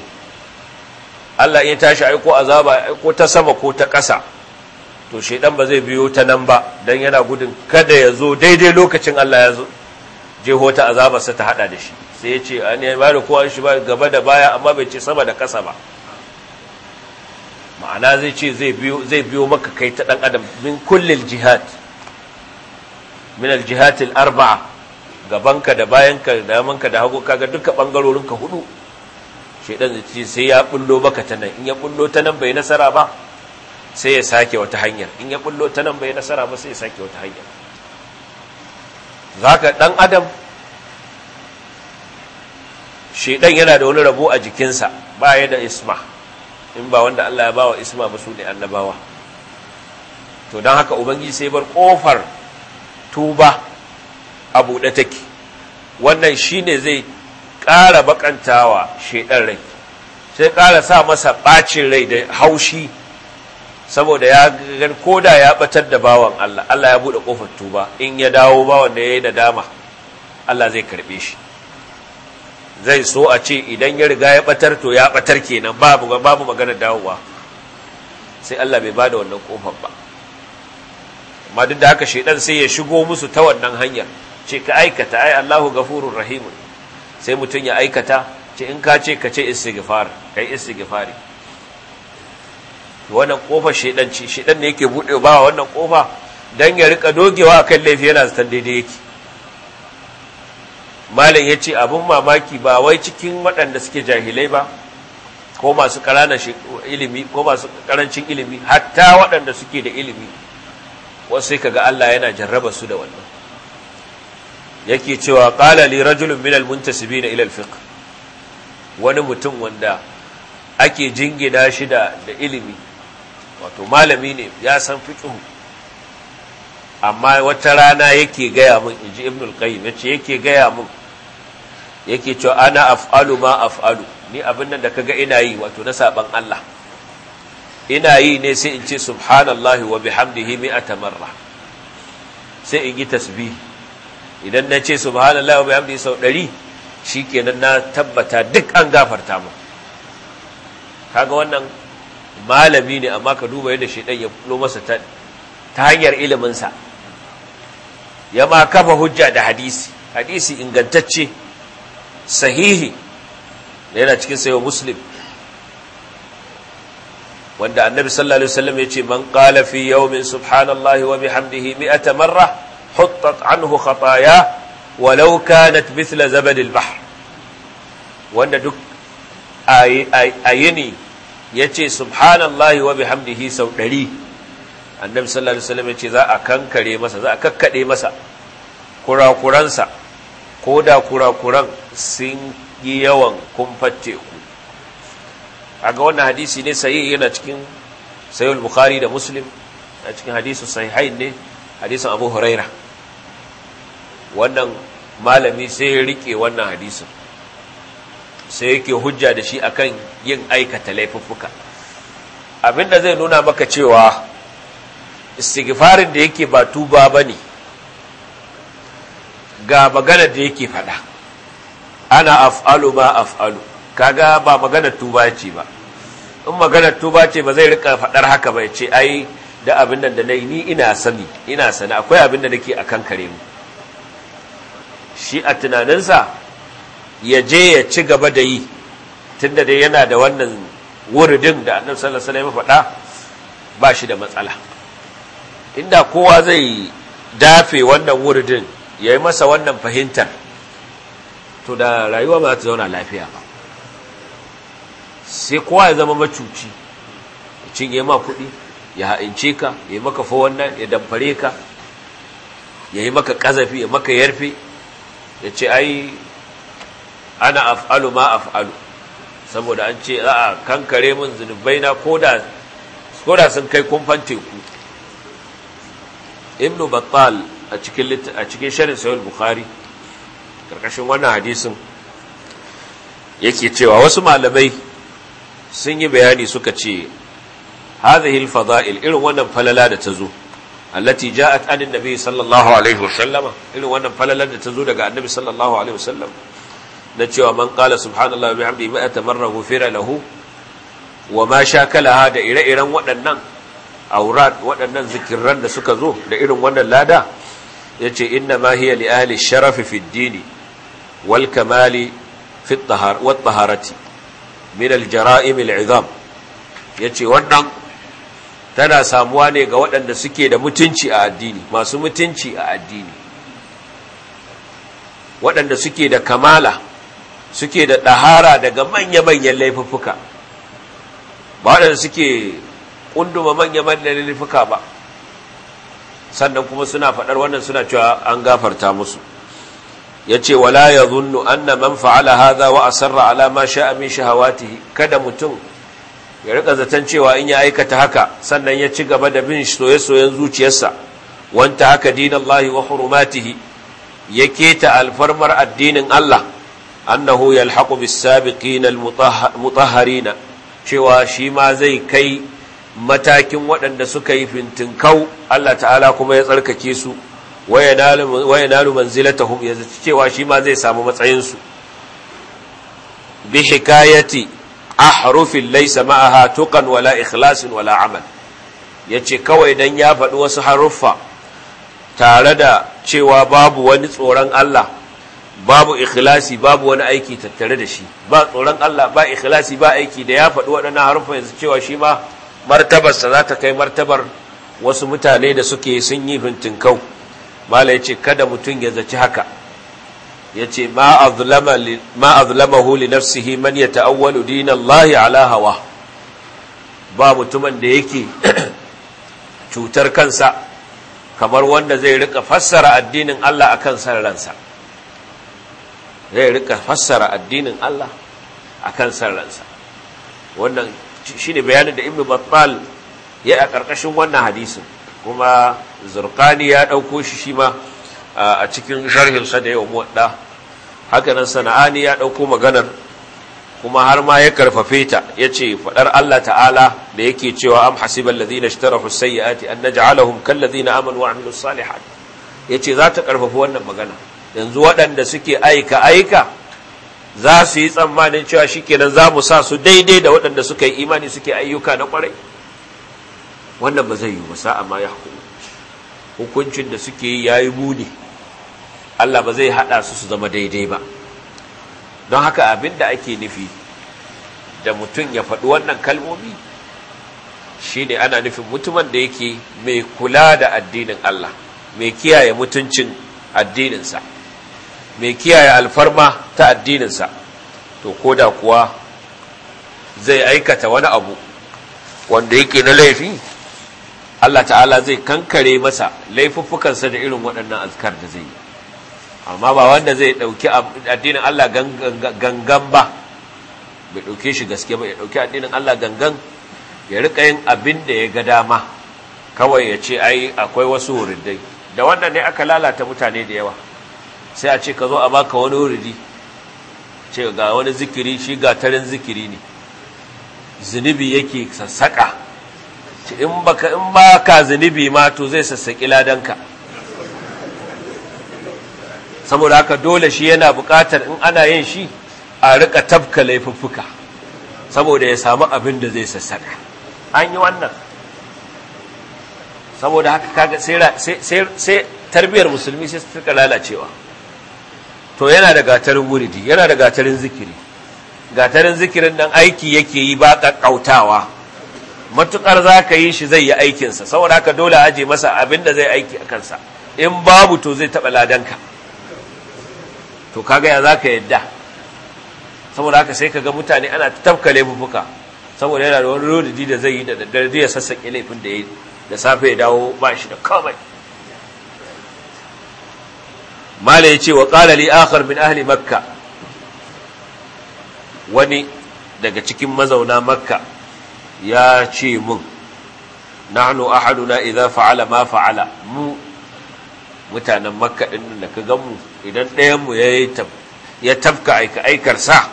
Allah ya tashi aiko azaba ko ta sama ko ta ƙasa to shedan ba zai biyo ta nan ba dan yana gudun kada ya zo daidai lokacin Allah ya zo jeho ta azabarsa ta hada da shi sai ya ce an yi bada kowa shi ba gaba da baya amma bai ce sama da kasa ba ma'ana zai ce zai biyo zai biyo maka kai ta dan adam min kullil jihad min al jihat al arba'a gabanka da ka da ka da hagu kaga duka bangarorinka hudu shedan zai ce sai ya bullo maka ta nan in ya bullo ta nan bai nasara ba sai ya sake wata hanyar in ya bullo ta nan bai nasara ba sai ya sake wata hanyar zaka dan adam shedan yana da wani rabo a jikinsa ba ya da isma in ba wanda Allah ya bawa isma ba su ne annabawa to dan haka ubangiji sai bar kofar tuba a buɗe take wannan shine zai ƙara bakantawa shedan rai sai ƙara sa masa ɓacin rai da haushi saboda ya gan koda ya batar da bawan Allah Allah ya bude kofar tuba in ya dawo bawan da yayi nadama Allah zai karbe shi zai so a ce idan ya riga ya batar to ya batar kenan babu babu magana dawowa sai Allah bai bada wannan kofar ba amma duk da haka shedan sai ya shigo musu ta wannan hanyar ce ka aikata ai Allahu gafurur rahim sai mutun ya aikata ce in ka ce ka ce istighfar kai istighfari wannan shedan ce shedan ne yake bude ba wannan kofa dan ya rika dogewa akan laifi yana zaton daidai yake malam ya ce abin mamaki ba wai cikin waɗanda suke jahilai ba ko masu ƙaranan ilimi ko masu ƙarancin ilimi hatta waɗanda suke da ilimi wasu sai kaga Allah yana jarraba su da wannan yake cewa qala li rajulun min al-muntasibina ila al wani mutum wanda ake jingina shi da ilimi wato malami ne ya san fiƙihu amma wata rana yake gaya min inji ibnul qayyim yace yake gaya min yake cewa ana af'alu ma af'alu ni abin nan da kaga ina yi wato na saban Allah ina yi ne sai in ce subhanallahi wa bihamdihi mi'ata marra sai in yi tasbih idan na ce subhanallahi wa bihamdihi sau 100 shikenan na tabbata duk an gafarta mun kaga wannan malami ne amma ka duba yadda shaidan ya fulo masa ta hanyar iliminsa ya ma kafa hujja da hadisi hadisi ingantacce sahihi da yana cikin sayo muslim wanda annabi sallallahu alaihi wasallam ya ce man qala fi yawmin subhanallahi wa bihamdihi mi'ata marra huttat anhu khataaya walau kanat mithla zabadil bahr wanda duk ayini ya ce subhanallahi wa bihamdihi sau ɗari annabi sallallahu alaihi wasallam ya ce za a kankare masa za a kakkaɗe masa kurakuransa ko da kurakuran sun yi yawan kumfar ku. a ga wannan hadisi ne sai yana cikin sayul bukhari da muslim a cikin hadisu sahihain ne hadisin abu huraira wannan malami sai ya rike wannan hadisin sai yake hujja da shi akan yin aikata laifuffuka abinda zai nuna maka cewa istighfarin da yake ba tuba bane ga magana da yake faɗa ana af'alu ma af'alu kaga ba magana tuba ce ba in magana tuba ce ba zai rika faɗar haka ba ce ai da abin da na ni ina sani ina sani akwai abin da nake akan kare mu shi a tunaninsa ya je ya ci gaba da yi tunda dai yana da wannan wuridin da annabi sallallahu alaihi wasallam faɗa ba shi da matsala inda kowa zai dafe wannan wuridin ya yi masa wannan fahimtar to da rayuwa ba za ta zauna lafiya ba sai kowa ya zama macuci ya cinye ma kuɗi ya ha'ince ka ya yi maka fa wannan ya damfare ka ya yi maka ƙazafi ya maka yarfe ya ce ai ana af'alu ma af'alu saboda an ce za a kankare mun zunubai na koda koda sun kai kumfan teku ibnu battal a cikin a cikin sharhin bukhari karkashin wannan hadisin yake cewa wasu malamai sun yi bayani suka ce hadhihi al-fada'il irin wannan falala da ta zo allati ja'at anin nabi sallallahu alaihi wasallama irin wannan falala da ta zo daga annabi sallallahu alaihi wasallama na cewa man qala subhanallah wa bihamdihi mi'ata marra ghufira lahu wa ma shakalaha da ire-iren waɗannan aurat waɗannan zikirran da suka zo da irin wannan lada yace inna ma hiya li ahli sharafi fi dini wal kamali fi at-tahar wa at-taharati min al-jara'im al-'idham yace wannan tana samuwa ne ga waɗanda suke da mutunci a addini masu mutunci a addini waɗanda suke da kamala suke da ɗahara daga manya-manyan laifuffuka ba waɗanda suke ƙunduma manya-manyan laifuka ba sannan kuma suna faɗar wannan suna cewa an gafarta musu ya ce wala ya zunnu anna man fa'ala hadha wa asarra ala ma sha'a min shahawatihi kada mutum ya rika zaton cewa in ya aikata haka sannan ya ci gaba da bin soye-soyen zuciyarsa wanta haka dinallahi wa hurumatihi ya keta alfarmar addinin Allah annahu yalhaqu bis-sabiqina al-mutahharina cewa shi ma zai kai matakin waɗanda suka yi fintinkau Allah ta'ala kuma ya tsarkake su waya nalu manzilatahum ya zaci cewa shi ma zai samu matsayinsu bi hikayati ahrufin laysa ma'aha tuqan wala ikhlasin wala amal yace kawai dan ya faɗi wasu haruffa tare da cewa babu wani tsoron Allah babu ikhlasi babu wani aiki tattare da shi ba tsoron Allah ba ikhlasi ba aiki da ya faɗi waɗannan harufan yanzu cewa shi ma martabarsa za ta kai martabar wasu mutane da suke sun yi fintinkau mala ya ce kada mutum ya zaci haka ya ce ma azlamahu li nafsihi man ya ta'awwalu dinallahi ala hawa ba mutumin da yake cutar kansa kamar wanda zai rika fassara addinin Allah akan san ransa zai rika fassara addinin Allah a kan sararsa wannan shi ne bayanin da Ibn Battal ya a ƙarƙashin wannan hadisin kuma zurkani ya ɗauko shi shi ma a cikin sharhin sa da ya waɗa hakanan Sana'ani ya ɗauko maganar kuma har ma ya karfafe ta yace faɗar Allah ta'ala da yake cewa am hasibal lazina ya sayyiati an na naj'alahum kal ladina amanu wa amilus salihat ce za ta karfafa wannan magana yanzu waɗanda suke aika aika za su yi tsammanin cewa kenan za mu sa su daidai da waɗanda suka yi imani suke ayyuka na ƙwarai wannan ba zai yi ba amma ya ya hukuncin da suke yi ya yi muni Allah ba zai haɗa su su zama daidai ba don haka abin da ake nufi da mutum ya faɗi wannan kalmomi shi ne ana nufin mutumin da yake mai kula da addinin Allah mai kiyaye mutuncin addininsa mai kiyaye alfarma ta addininsa to ko da kuwa zai aikata wani abu wanda yake na laifi Allah ta'ala zai kankare masa laifuffukansa da irin waɗannan azkar da zai yi amma ba wanda zai ɗauki addinin Allah gangan ba bai ɗauke shi gaske ba ya ɗauki addinin Allah gangan ya riƙa yin abin da ya ga dama kawai ya ce ai akwai wasu dai. da wannan ne aka lalata mutane da yawa sai a ce ka zo a baka wani wuri ce ga wani zikiri shi gatarin zikiri ne zunubi yake sassaƙa in baka in zunubi ma to zai sassaƙi ladanka saboda haka dole shi yana buƙatar in ana yin shi a riƙa tafka laifuffuka saboda ya samu abin da zai sassaƙa an yi wannan saboda haka kaga sai tarbiyyar musulmi sai su lalacewa to yana da gatarin wuridi yana da gatarin zikiri gatarin zikirin nan aiki yake yi ba kakkautawa matukar za ka yi shi zai yi aikinsa saboda haka dole aje masa abin da zai aiki a kansa in babu to zai taɓa ladanka to kaga ya za ka yadda saboda haka sai ka ga mutane ana tafka laifuka saboda yana da wani rodidi da zai yi da daddare ya sassaƙe laifin da ya da safe ya dawo ba shi da komai mala ya ce wa ƙala li akhar min ahli makka wani daga cikin mazauna makka ya ce mun nahnu ahaduna idza fa'ala ma fa'ala mu mutanen makka din da ka gamu idan ɗayan mu ya tafka aika aikar sa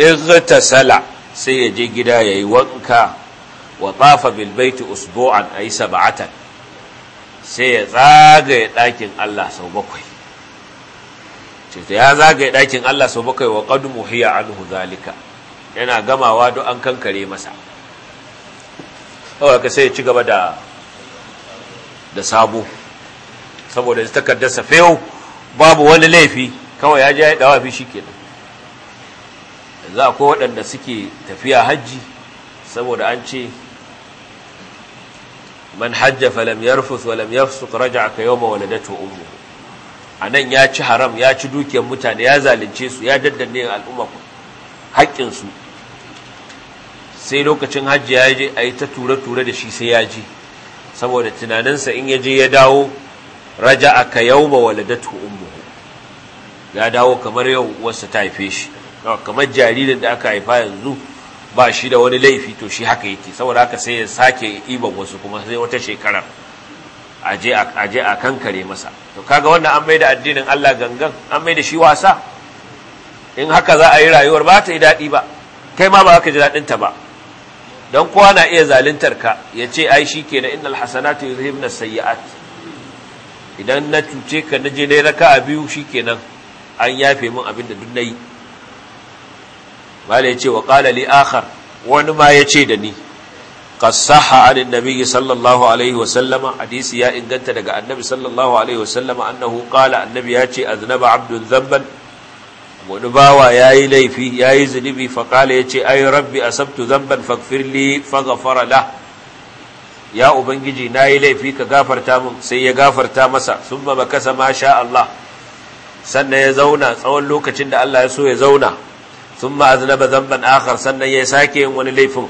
in sala sai ya je gida yayi wanka wa tafa bil baiti usbu'an ay sab'atan sai ya zagaye ɗakin Allah sau bakwai ce ta ya zagaye ɗakin Allah sau bakwai wa qad muhiya anhu zalika yana gamawa don an kankare masa kawai sai ya ci gaba da da sabo saboda ya takardar sa babu wani laifi kawai ya je ya dawa fi za a kowa waɗanda suke tafiya hajji saboda an ce man hajja falam yarfus walam yafsuq raja'a ma wani datu umu a nan ya ci haram ya ci dukiyar mutane ya zalunce su ya yin al'umma haƙƙinsu sai lokacin hajji ya je a yi ta ture-ture da shi sai ya ji, saboda tunaninsa in ya je ya dawo raja a ka yau ma waladatu buhu, ya dawo kamar yau wasu ta haife shi kamar jaririn da aka haifa yanzu ba shi da wani laifi to shi haka yake saboda haka sai ya sake iban wasu kuma sai wata shekarar aje aje a kankare masa to kaga wannan an maida addinin Allah gangan an da shi wasa in haka za a yi rayuwar ba ta yi daɗi ba kai ma ba ka ji daɗin ta ba don kowa na iya zaluntar ka ya ce ai shi kenan innal hasanatu yuzhibna sayyi'at idan na cuce ka na je na raka a biyu shi kenan an yafe min abin da duk nayi mala ya ce wa qala li akhar wani ma ya ce da ni qasaha an annabi sallallahu alaihi wasallam hadisi ya inganta daga annabi sallallahu alaihi wasallam annahu qala annabi ya ce aznaba abdun dhanban wani bawa yayi laifi yayi zunubi fa qala yace ay rabbi asabtu dhanban faghfirli faghfara la ya ubangiji nayi laifi ka gafarta min sai ya gafarta masa summa makasa ma sha Allah sannan ya zauna tsawon lokacin da Allah ya so ya zauna summa aznaba dhanban akhar sannan ya sake yin wani laifin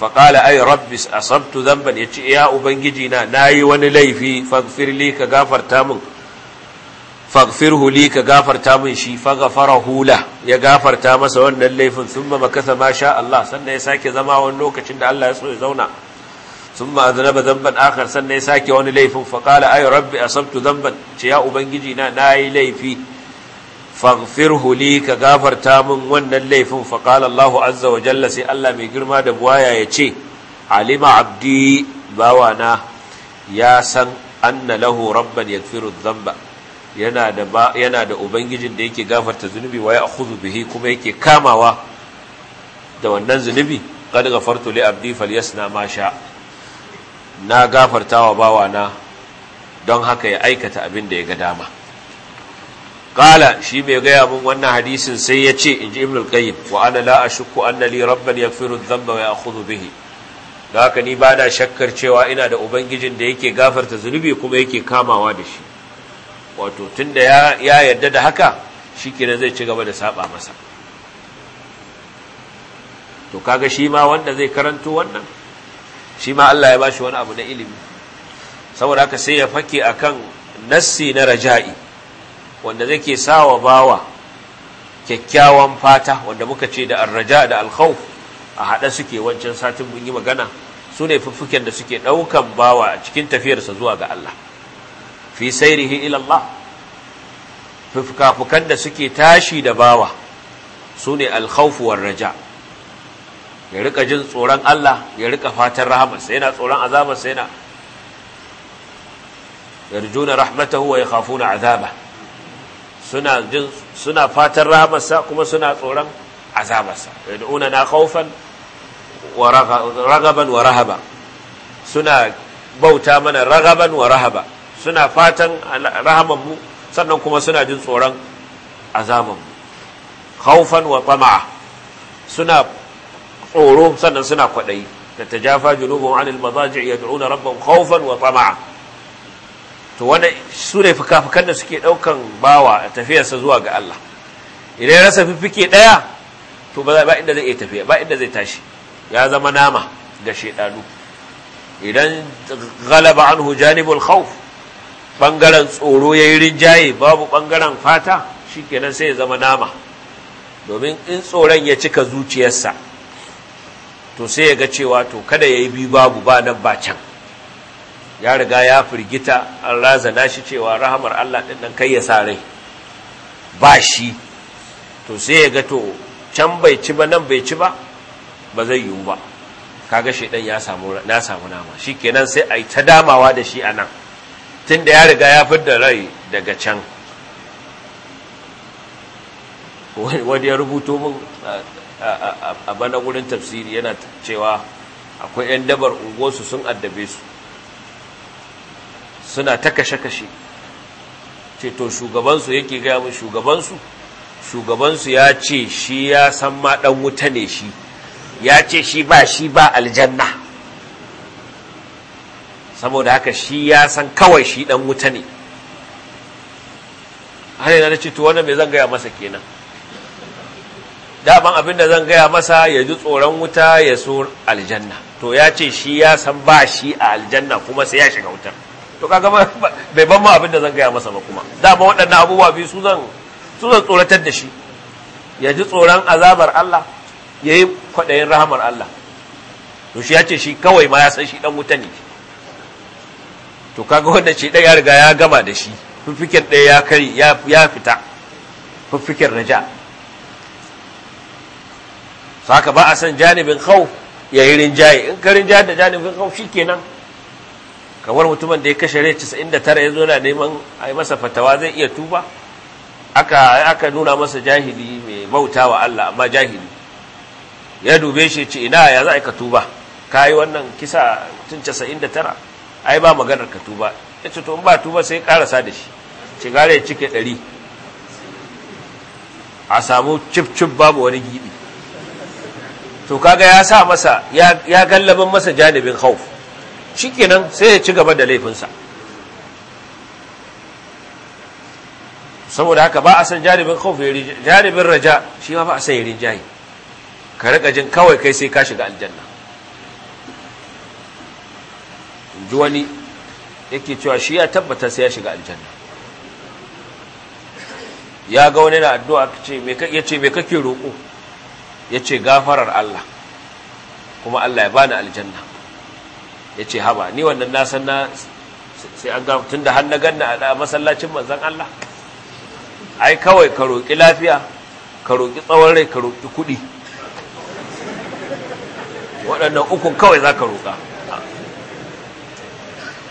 faƙala ai rabbis asabtu zamban ya ce ya ubangiji na na yi wani laifi fagfirli ka gafarta min fagfirhu li ka gafarta min shi fagafara hula ya gafarta masa wannan laifin sun ma makasa ma sha Allah sannan ya sake zama wani lokacin da Allah ya so ya zauna sun ma azanaba zamban akar sannan ya sake wani laifin faƙala ai rabbi asabtu zamban ce ya ubangiji na na yi laifi faghfirhu li ka gafarta min wannan laifin fa qala Allah azza wa jalla sai Allah mai girma da buwaya ya ce alima abdi bawana ya san anna lahu rabban yaghfiru dhanba yana da yana da ubangijin da yake gafarta zunubi wa ya'khudhu bihi kuma yake kamawa da wannan zunubi qad ghafartu li abdi falyasna ma sha na gafartawa bawana don haka ya aikata abin da ya ga dama qala shi mai gaya mun wannan hadisin sai ya ce inji ibn al-qayyim wa ana la ashukku anna li rabban yaghfiru dhanba wa ya'khudhu bihi da haka ni ba na shakkar cewa ina da ubangijin da yake gafarta zunubi kuma yake kamawa da shi wato tunda ya ya yarda da haka shikenan zai ci gaba da saba masa to kaga shi ma wanda zai karanto wannan shi ma Allah ya bashi wani abu na ilimi saboda haka sai ya fake akan nassi na raja'i wanda zai ke sawa bawa kyakkyawan fata wanda muka ce da arraja da alkhawf a haɗa suke wancan satin mun yi magana su ne fuffuken da suke ɗaukan bawa a cikin tafiyarsa zuwa ga Allah fi sairihi ila Allah Fufkafukan da suke tashi da bawa su ne alkhawfu war raja ya rika jin tsoron Allah ya rika fatan sai yana tsoron sai yana yarjuna rahmatahu wa yakhafuna azaba suna jin suna fatan rahamarsa kuma suna tsoron azabarsa yad'una na khawfan wa ragaban wa rahaba suna bauta mana ragaban wa rahaba suna fatan rahaman sannan kuma suna jin tsoron azaban mu wa tama'a suna tsoro sannan suna kwadayi tatajafa junubuhum 'anil madaji' yad'una rabban khawfan wa tsama'a. to wanda su ne fikafikan da suke daukan bawa a tafiyarsa zuwa ga Allah idan rasa fifike daya to ba inda zai iya tafiya ba inda zai tashi ya zama nama ga shaidanu idan galaba an janibul khawf bangaren tsoro ya yi rinjaye babu bangaren fata shikenan sai ya zama nama domin in tsoron ya cika zuciyarsa to sai ya ga cewa to kada ya yi biyu babu ba nan ba can ya riga ya firgita an razana shi cewa rahamar Allah ɗin nan kai ya sa rai ba shi to sai ya ga to can bai ci ba nan bai ci ba ba zai yiwu ba kaga shaidan ya samu na samu nama shikenan sai ai ta damawa da shi anan tunda ya riga ya fidda rai daga can wani ya rubuto min a bana wurin tafsiri yana cewa akwai 'yan dabar unguwarsu sun addabe su suna ta kashe-kashe ce to shugabansu yake gaya mu shugabansu shugabansu ya ce shi ya san ma dan wuta ne shi ya ce shi ba shi ba aljanna saboda haka shi ya san kawai shi dan wuta ne har yana da to wannan mai zan gaya masa kenan daban abin da zan gaya masa ya ji tsoron wuta ya so aljanna to ya ce shi ya san ba shi a aljanna kuma sai ya shiga wutar to kaga bai ban ma abin da zan gaya masa ba kuma dama waɗannan abubuwa biyu su zan su zan tsoratar da shi ya ji tsoron azabar Allah ya yi kwaɗayin rahamar Allah to shi ya ce shi kawai ma ya san shi ɗan wuta ne to kaga wanda shi ɗaya ya riga ya gama da shi fikir ɗaya ya kai ya fita fiffiken raja saka ba a san janibin khawf ya yi rinjaye in ka rinjaye da janibin khawf shi kenan kamar mutumin da ya kashe rai 99 ya zo na neman a yi masa fatawa zai iya tuba aka nuna masa jahili mai bauta wa Allah amma jahili ya dube shi ce ina ya za a yi ka tuba ka yi wannan kisa tun 99 ai ba maganar ka tuba ya ce to in ba tuba sai karasa da shi ci gare ya cike 100 a samu cif cif babu wani gibi to kaga ya sa masa ya gallabin masa janibin khawf shikenan sai ya ci gaba da laifinsa saboda haka ba a san jaribin khawf jaribin raja shi ma ba a san yarin jahi ka riƙa jin kawai kai sai ka shiga aljanna ji wani yake cewa shi ya tabbata sai ya shiga aljanna ya ga wani na addu'a ya ce mai kake roƙo ya ce gafarar Allah kuma Allah ya bani aljanna ya ce haba ni wannan nasan san na sai an gamu tun da har na ganna a masallacin manzan Allah ai kawai ka roƙi lafiya ka roƙi tsawon rai ka roƙi kuɗi waɗannan ukun kawai za ka roƙa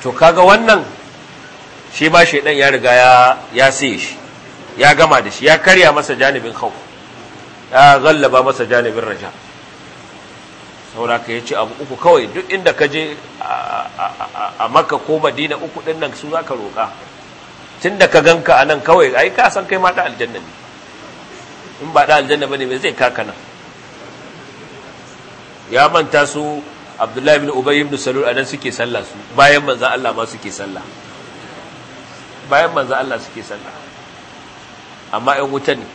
to kaga wannan shi ba ɗan ya riga ya siye shi ya gama da shi ya karya masa janibin hau ya gallaba masa janibin raja saboda ka yace abu uku kawai duk inda ka je a makka ko madina uku din nan su zaka roka tunda ka ganka a nan kawai ai ka san kai ma da aljanna ne in ba da aljanna ne me zai kaka nan ya manta su Abdullahi bin bin salur a nan suke sallah su bayan manzan Allah ma suke sallah bayan manzan Allah suke sallah amma yan wuta ne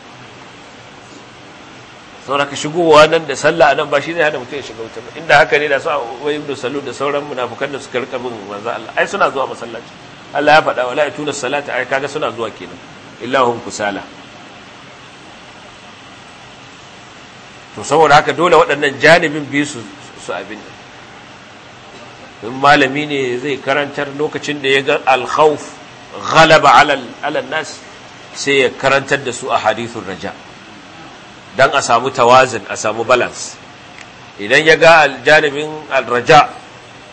saboda ka shigowa nan da sallah nan ba shi zai hana mutum ya shiga wuta ba inda haka ne da su wayin da salu da sauran munafukan da suka rika bin manzo Allah ai suna zuwa masallaci Allah ya faɗa wala ituna salata ai kaga suna zuwa kenan illa kusala to saboda haka dole waɗannan janibin bi su su abin in malami ne zai karantar lokacin da ya ga al-khawf ghalaba ala al-nas sai ya karantar da su a hadithun raja' don a samu tawazin a samu balance idan ya ga aljanibin alraja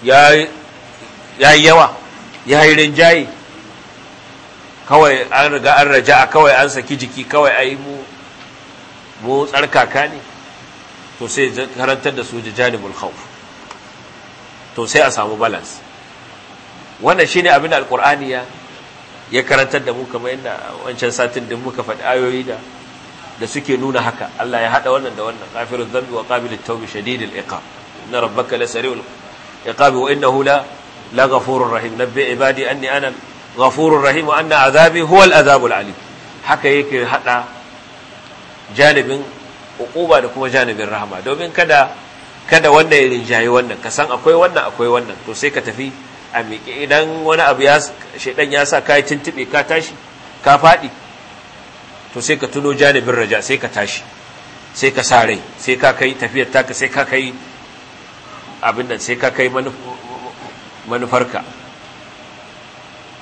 ya yi yawa ya yi rinjaye kawai an riga an raja kawai an saki jiki kawai a yi mu mu tsarkaka ne to sai karantar da su janibul khawf to sai a samu balance wannan shine abin da alqur'ani ya karantar da mu kamar yadda wancan satin din muka faɗi ayoyi da da suke nuna haka Allah ya hada wannan da wannan ghafirudh dhanbi wa qabilut tawbi shadidul iqab inna rabbaka lasari'ul iqab wa innahu la la ghafurur rahim nabbi ibadi anni ana ghafurur rahim wa anna azabi huwa azabul alim haka yake hada janibin uquba da kuma janibin rahama domin kada kada wannan ya rinjaye wannan ka san akwai wannan akwai wannan to sai ka tafi a miƙe idan wani abu ya shaidan ya sa ka yi tuntube ka tashi ka faɗi to sai ka tuno janibin raja sai ka tashi sai ka sa rai sai ka kai tafiyar taka sai ka kai abin nan sai ka kai manufarka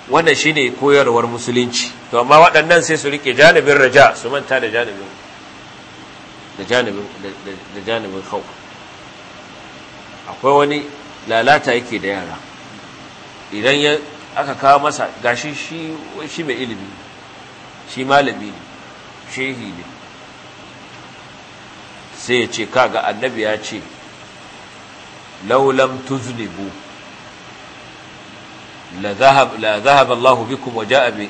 wannan shine koyarwar musulunci to amma waɗannan sai su rike janibin raja su manta da janibin da janibin da janibin akwai wani lalata yake da yara idan ya aka kawo masa gashi shi shi mai ilimi shi malami ne shehi ne sai ya ce kaga annabi ya ce laulam tuznibu la zahab la zahab Allahu bikum wa jaa bi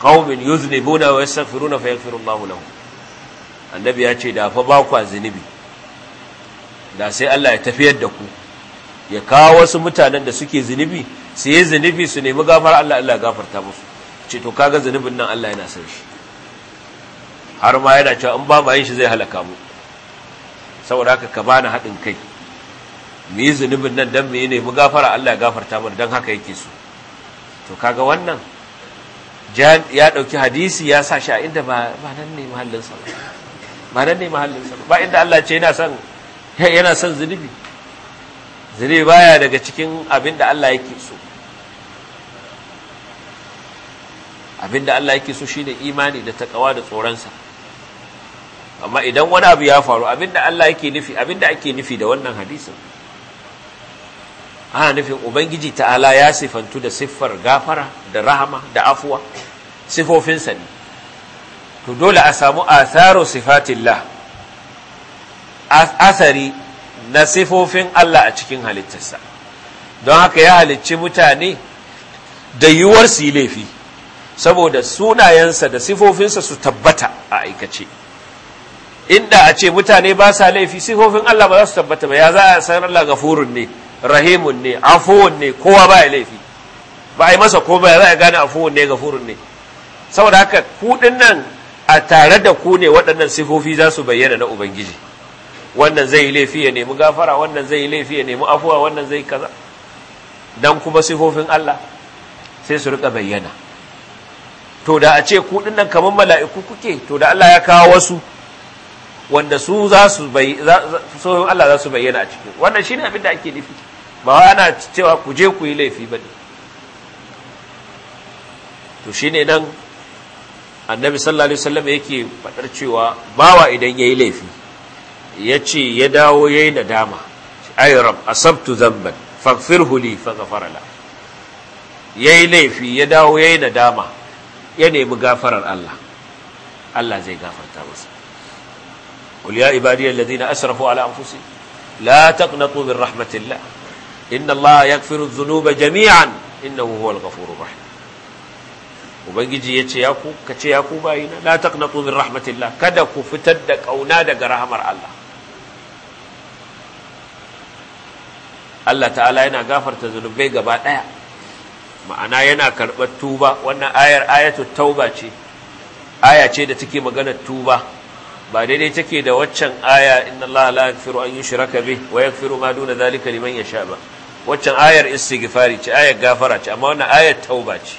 qaumin yuznibuna wa yastaghfiruna fa yaghfiru Allah lahum annabi ya ce da fa ba ku zunubi da sai Allah ya tafiyar da ku ya kawo wasu mutanen da suke zunubi sai zinibi su nemi gafar Allah Allah ya gafarta musu ce to kaga zunubin nan Allah yana san shi har ma yana cewa in ba ma yin shi zai halaka mu saboda haka ka bani haɗin kai mu yi zunubin nan don mu yi mu gafara Allah ya gafarta mana don haka yake so to kaga wannan ya ɗauki hadisi ya sa shi a inda ba nan ne mahallin sa ba nan ne sa ba inda Allah ce yana son yana son zunubi zunubi baya daga cikin abin da Allah yake so abin da Allah yake so shine imani da takawa da tsoronsa amma idan wani abu ya faru abinda Allah yake nufi abinda ake nufi da wannan hadisin ana nufin ubangiji ta'ala ya sifantu da siffar gafara da rahama da afuwa sifofinsa ne to dole a samu atharo sifatillah asari na sifofin Allah a cikin halittarsa don haka ya halicci mutane da yiwuwar su yi laifi saboda sunayensa da sifofinsa su tabbata a aikace inda a ce mutane ba sa laifi sifofin Allah ba za su tabbata ba ya za a san Allah gafurun ne rahimun ne afuwun ne kowa ba ya laifi ba a yi masa ko ba ya za a gane afuwun ne gafurun ne saboda haka kuɗin nan a tare da ku ne waɗannan sifofi za su bayyana na ubangiji wannan zai laifi ya nemi gafara wannan zai laifi ya nemi afuwa wannan zai kaza dan kuma sifofin Allah sai su rika bayyana to da a ce kuɗin nan kamar mala'iku kuke to da Allah ya kawo wasu wanda su za su bai so Allah za su bayyana a cikin wannan shine abin da ake nufi ba wai ana cewa ku je ku yi laifi ba ne. to shine nan annabi sallallahu alaihi wasallam yake fadar cewa bawa idan yayi laifi yace ya dawo yayi nadama ay rab asabtu dhanban faghfirhu li faghfara la yayi laifi ya dawo yayi nadama ya nemi gafarar Allah Allah zai gafarta masa qul ya ibadiyal ladina asrafu ala anfusihim la taqnatu min rahmatillah inna allaha yaghfiru dhunuba jami'an innahu huwal ghafurur rahim ubangiji yace ya ku kace ya ku bayina la taqnatu min kada ku fitar da kauna daga rahmar Allah Allah ta'ala yana gafarta zunubai gaba ɗaya ma'ana yana karɓar tuba wannan ayar ayatul tauba ce aya ce da take maganar tuba ba daidai take da waccan aya inna Allah la yaghfiru an yushraka bih wa yaghfiru ma duna zalika liman yasha ba waccan ayar istighfari ce ayar gafara ce amma wannan ayar tauba ce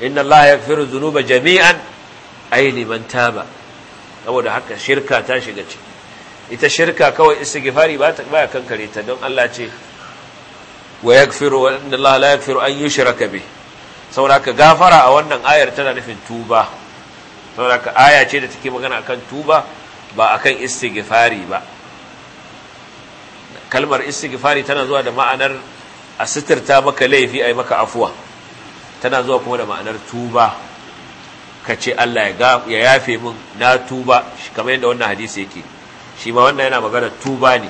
inna Allah yaghfiru dhunuba jami'an ay liman taba saboda haka shirka ta shiga ce ita shirka kawai istighfari ba ta baya kankare ta don Allah ce wa yaghfiru inna Allah la yaghfiru an yushraka bih saboda haka gafara a wannan ayar tana nufin tuba saboda ka aya ce da take magana akan tuba ba akan istighfari ba kalmar istighfari tana zuwa da ma'anar a sitirta maka laifi ai maka afuwa tana zuwa kuma da ma'anar tuba ka ce Allah ya yafe min na tuba kamar yadda wannan hadisi yake shi ma wannan yana magana tuba ne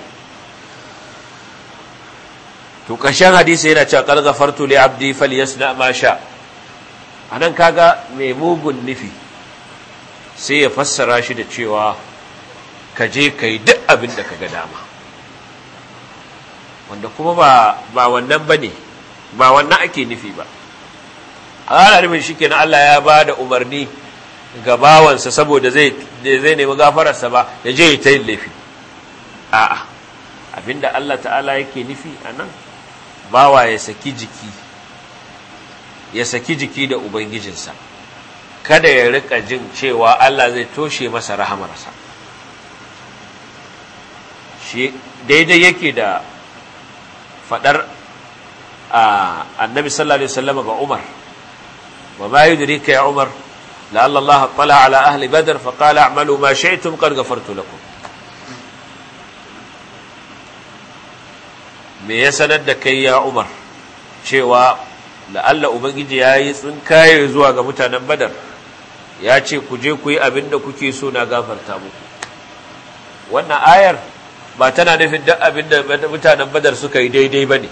to kashan hadisi yana cewa qad ghafartu li abdi falyasna ma sha anan kaga mai mugun nufi sai ya fassara shi da cewa ka je ka yi duk abin da ka ga dama wanda kuma ba wannan ba ne ba wannan ake nufi ba a ranar nufin shi kenan Allah ya ba da umarni ga bawansa saboda zai nemi gafararsa ba ya je ta yin laifi a'a abinda Allah ta'ala yake nufi a nan bawa ya saki jiki ya saki jiki da ubangijinsa kada ya rika jin cewa Allah zai toshe masa rahamarsa shi daidai yake da fadar annabi sallallahu alaihi wasallam ga Umar wa ma yudrika ya Umar alla Allah tala ala ahli badr fa qala a'malu ma shi'tum qad ghafartu lakum me ya sanar da kai ya Umar cewa alla ubangiji yayi tsinkaye zuwa ga mutanen Badar ya ce ku je ku yi abin da kuke so na gafarta muku wannan ayar ba tana nufin duk abin da mutanen badar suka yi daidai ba ne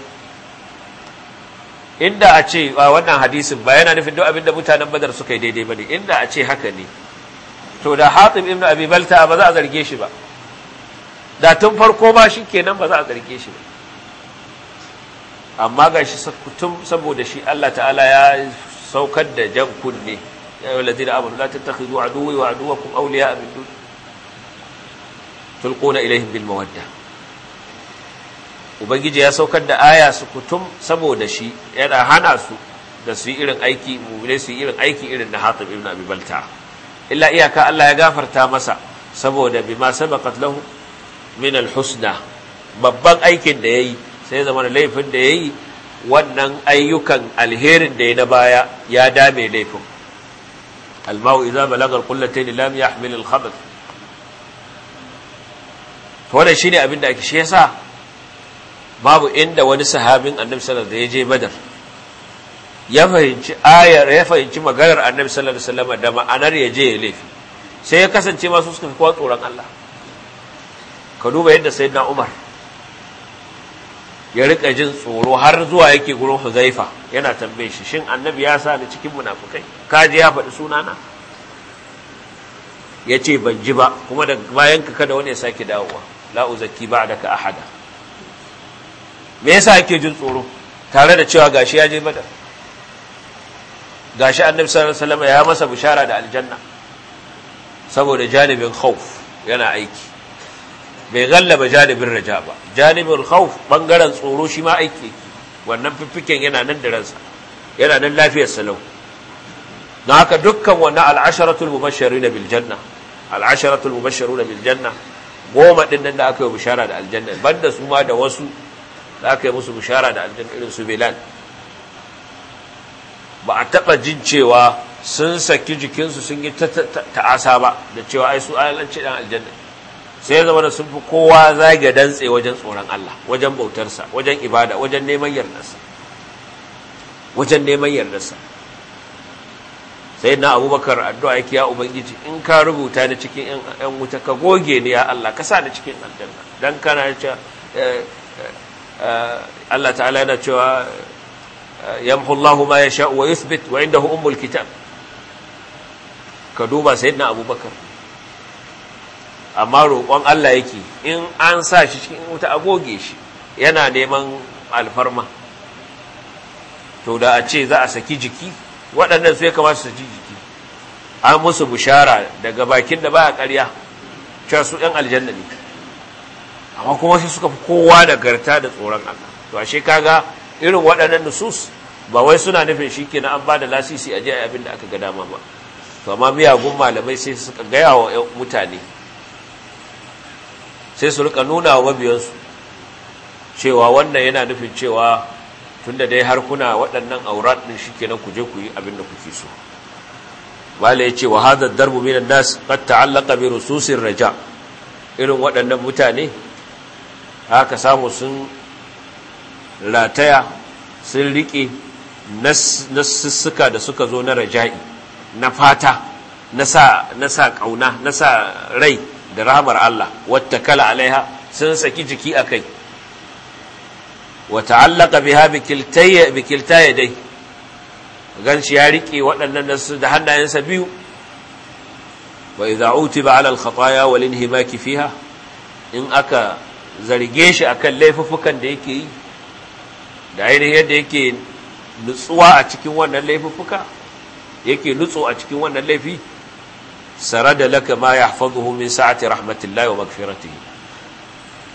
inda a ce ba wannan hadisin ba yana nufin duk abin da mutanen badar suka yi daidai ba ne inda a ce haka ne to da hatim ibn abi balta ba za a zarge shi ba da tun farko ba shi kenan ba za a zarge shi ba amma ga shi saboda shi Allah ta'ala ya saukar da jan kunne يا أيها الذين آمنوا لا تتخذوا عدوي وعدوكم أولياء من دون تلقون إليهم بالمودة ubangiji ya saukar da aya su kutum saboda shi yana hana su da su yi irin aiki mumine su yi irin aiki irin na hatim ibn abi balta illa iyaka Allah ya gafarta masa saboda bima sabaqat lahu min al-husna babban aikin da yayi sai zama da laifin da yayi wannan ayyukan alherin da ya na baya ya dame laifin الماء إذا بلغ القلتين لم يحمل الخبث wannan shine abin da ake shi yasa babu inda wani sahabin annabi sallallahu alaihi wasallam da je badar ya fahimci ayar ya fahimci maganar annabi sallallahu alaihi wasallam da ma'anar ya je ya laifi sai ya kasance masu suka fi kowa tsoron Allah ka duba yadda sayyidina Umar ya rika jin tsoro har zuwa yake gurin huzaifa yana tambaye shi shin annabi ya sa ni cikin munafukai ka ji ya faɗi sunana ya ce ban ji ba kuma da bayan ka kada wani ya sake dawowa la uzaki ba da ka ahada me yasa yake jin tsoro tare da cewa gashi ya je badar gashi annabi sallallahu alaihi wasallam ya masa bishara da aljanna saboda janibin khauf yana aiki bai gallaba janibin raja ba janibin khawf bangaren tsoro shi ma aiki wannan fiffiken yana nan da ransa yana nan lafiyar salau don haka dukkan wannan al'asharatul mubashirina bil janna al'asharatul mubashiruna bil janna goma ɗin nan da aka yi bishara da aljanna banda su ma da wasu da aka yi musu bishara da aljanna irin su bilal ba a taɓa jin cewa sun saki jikinsu sun yi ta'asa ba da cewa ai su alalance dan aljanna sai zama da sun fi kowa zage dantse wajen tsoron Allah wajen bautarsa wajen ibada wajen neman yardarsa wajen neman yardarsa sai na abubakar addu'a yake ya ubangiji in ka rubuta ni cikin ‘yan wuta ka goge ni ya Allah ka sa ni cikin aljanna don kana cewa eh, eh, Allah ta'ala yana cewa eh, yamhullahu ma ya sha'u wa yuthbit wa inda hu'ummul kitab ka duba sai na abubakar amma roƙon Allah yake in an sa shi cikin wuta goge shi yana neman alfarma to da a ce za a saki jiki waɗannan su ya kamata su saki jiki an musu bushara daga bakin da ba a ƙarya cewa su ɗan aljanna ne amma kuma sai suka fi kowa da garta da tsoron Allah to ashe kaga irin waɗannan nusus ba wai suna nufin shi na an ba da lasisi a je abin da aka ga dama ba to amma miyagun malamai sai suka gaya wa mutane sai su rika nuna wa mabiyansu cewa wannan yana nufin cewa tun da dai har kuna waɗannan aurat ɗin shikenan ku je ku yi abin da kuke so ya ce wa hadar darbu minan nas qad ta'allaqa bi rususir raja irin waɗannan mutane haka samu sun rataya sun rike nasussuka da suka zo na raja'i na fata na sa ƙauna na sa rai da rahmar Allah kala alaiha sun saki jiki a kai wata ta'allaka biha bikilta ya dai gan shi ya rike waɗannan nasu da hannayensa biyu wa idza ba alal al-khataya wal inhimaki fiha in aka zarge shi akan laifukan da yake yi da ainihin yadda yake nutsuwa a cikin wannan laifuka yake nutso a cikin wannan laifi sarada laka ما يحفظه min sa'ati rahmatillahi wa ومغفرته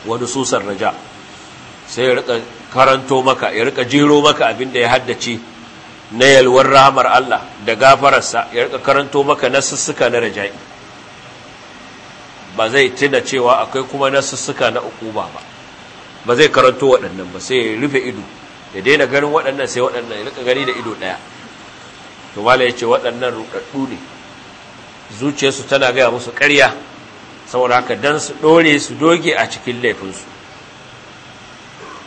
ونصوص الرجاء raja كرنتو مكا rika karanto maka ya rika jero maka abinda ya haddace na yalwar rahmar Allah da gafararsa ya rika karanto maka na ba zai tuna cewa akwai kuma nasussuka na ukuba ba ba zai karanto waɗannan ba sai ya rufe ido ya daina ganin waɗannan sai waɗannan ya rika gani da ido ɗaya to ya ce waɗannan ruɗaɗɗu ne zuciyarsu tana gaya musu karya saboda haka dan su dore su doge a cikin laifinsu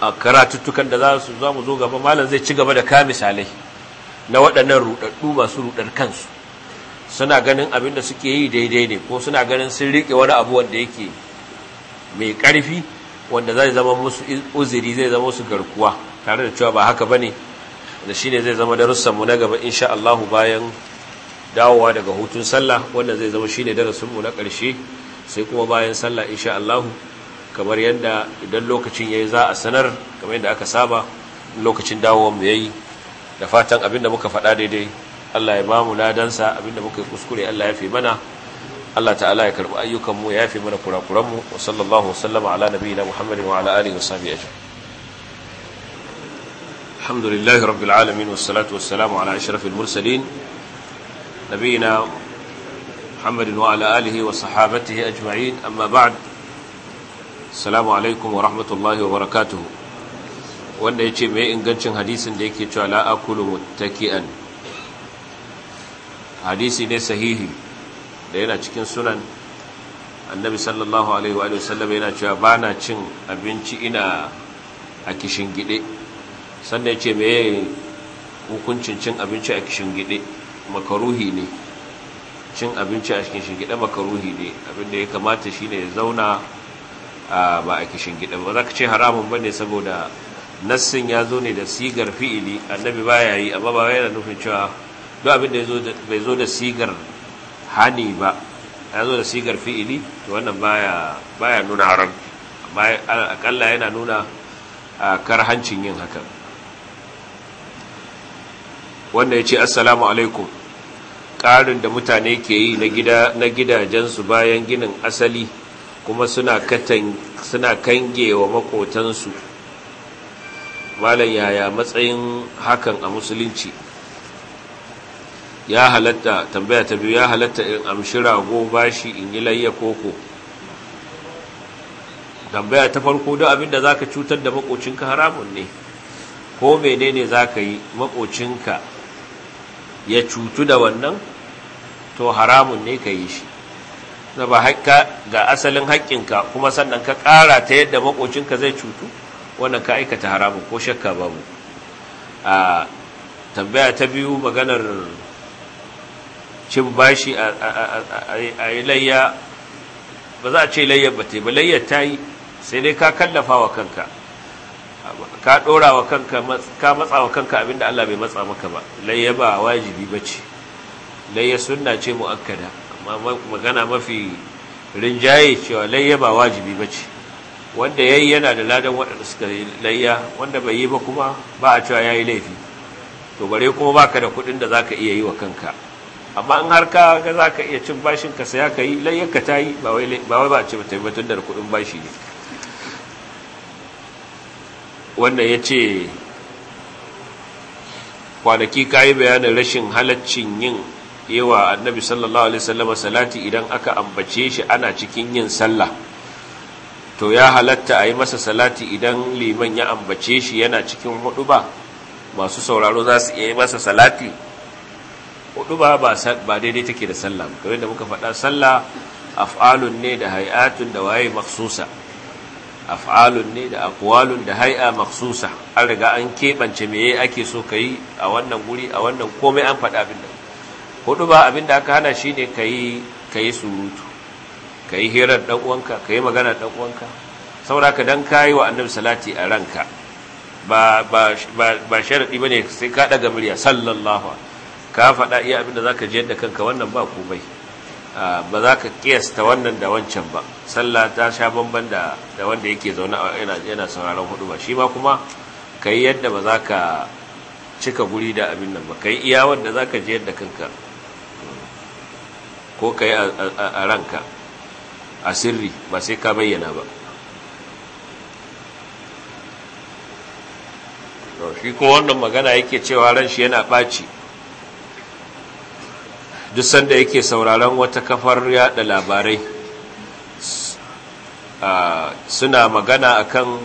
a karatuttukan da za su za mu zo gaba malam zai ci gaba da ka misalai na waɗannan ruɗaɗɗu masu ruɗar kansu suna ganin abin da suke yi daidai ne ko suna ganin sun riƙe wani abu wanda yake mai ƙarfi wanda zai zama musu uzuri zai zama musu garkuwa tare da cewa ba haka bane da shine zai zama darussanmu na gaba insha allahu bayan dawowa daga hutun sallah wannan zai zama shine mu na ƙarshe sai kuma bayan sallah insha Allah kamar yadda idan lokacin yayi za a sanar kamar yadda aka saba lokacin dawowa mu yayi da fatan abinda muka faɗa daidai Allah ya bamu ladansa abinda muka yi kuskure Allah ya fi mana Allah ta'ala ya karbi ayyukan mu ya fi mana kurakuran mu wa sallallahu wasallama ala nabiyina Muhammadin wa ala alihi wa sahbihi alhamdulillahi rabbil alamin was salatu ala ashrafil mursalin نبينا محمد وعلى آله وصحابته أجمعين أما بعد السلام عليكم ورحمة الله وبركاته wanda ya ce mai ingancin hadisin da yake cewa la'akulu mutaki'an hadisi ne sahihi da yana cikin sunan annabi sallallahu alaihi wa sallam yana cewa ba na cin abinci ina a kishin gide sannan ya ce mai hukuncin cin abinci a kishin gide makaruhi ne cin abinci a cikin shingida makaruhi ne abinda ya kamata shi ne ya zauna ba a kishin gida ba za ka ce haramun ba ne saboda nassin ya zo ne da sigar fi'ili annabi ba ya yi amma ba yana nufin cewa duk abinda ya bai zo da sigar hani ba ya zo da sigar fi'ili to wannan ya nuna haram amma akalla yana nuna karhancin yin hakan wanda ya ce assalamu alaikum ƙarin da mutane ke yi na gidajensu bayan ginin asali kuma suna kange wa makotansu malam yaya matsayin hakan a musulunci ya halatta tambaya ta biyu ya halatta in amshi rago bashi in yi layya koko tambaya ta farko duk abinda zaka cutar da makocinka haramun ne ko menene zaka yi makocinka ya cutu da wannan to haramun ne ka yi shi na ba haƙƙa ga asalin haƙƙinka kuma sannan ka ƙara ta yadda maƙocinka zai cutu wannan ka aikata haramun ko shakka babu a tambaya ta biyu maganar cin bashi a yi layya ba za a ce layyar ba ta yi ba layyar ta yi sai dai ka kallafa wa kanka ka dora wa kanka ka matsa wa kanka abinda Allah bai matsa maka ba layya ba wajibi bace layya sunna ce muakkada amma magana mafi rinjaye cewa layya ba wajibi bace wanda yayi yana da ladan waɗanda suka layya wanda bai yi ba kuma ba a cewa yayi laifi to bare kuma baka da kuɗin da zaka iya yi wa kanka amma in har ka ga zaka iya cin bashin ka saya ka yi ka tayi ba wai ba wai ba ce ba tun da kuɗin bashi ne wanda ya ce kwanaki ka yi bayanin rashin halaccin yin yawa annabi sallallahu alaihi wasallama salati idan aka ambace shi ana cikin yin sallah to ya halatta a yi masa salati idan liman ya ambace shi yana cikin hudu ba masu sauraro za su iya yi masa salati hudu ba ba daidai take da sallah kawai da muka faɗa sallah af'alun ne da hay'atun da waye maksusa af'alun ne da aqwalun da hay'a makhsusa an riga an kebance yayi ake so kai a wannan guri a wannan komai an faɗa abin da hudu ba abin da aka hana shine kai kai surutu kai hirar dan uwanka kai magana dan uwanka saboda ka dan kai wa annabi salati a ranka ba ba ba sharadi bane sai ka daga murya sallallahu ka faɗa iya abin da zaka je yadda kanka wannan ba komai Ah, ba za ka kiyasta wannan da wancan ba sallah ta sha bamban da wanda yake zaune a yana sauraron hudu ba shi ma kuma ka yi yadda ba za ka cika guri da abin nan ba ka yi iya wanda za ka je yadda kanka ko ka yi a ranka a sirri ba sai ka bayyana ba shi kuma wannan magana yake cewa ran shi yana ɓaci duk sanda yake sauraron wata kafar yada labarai suna magana akan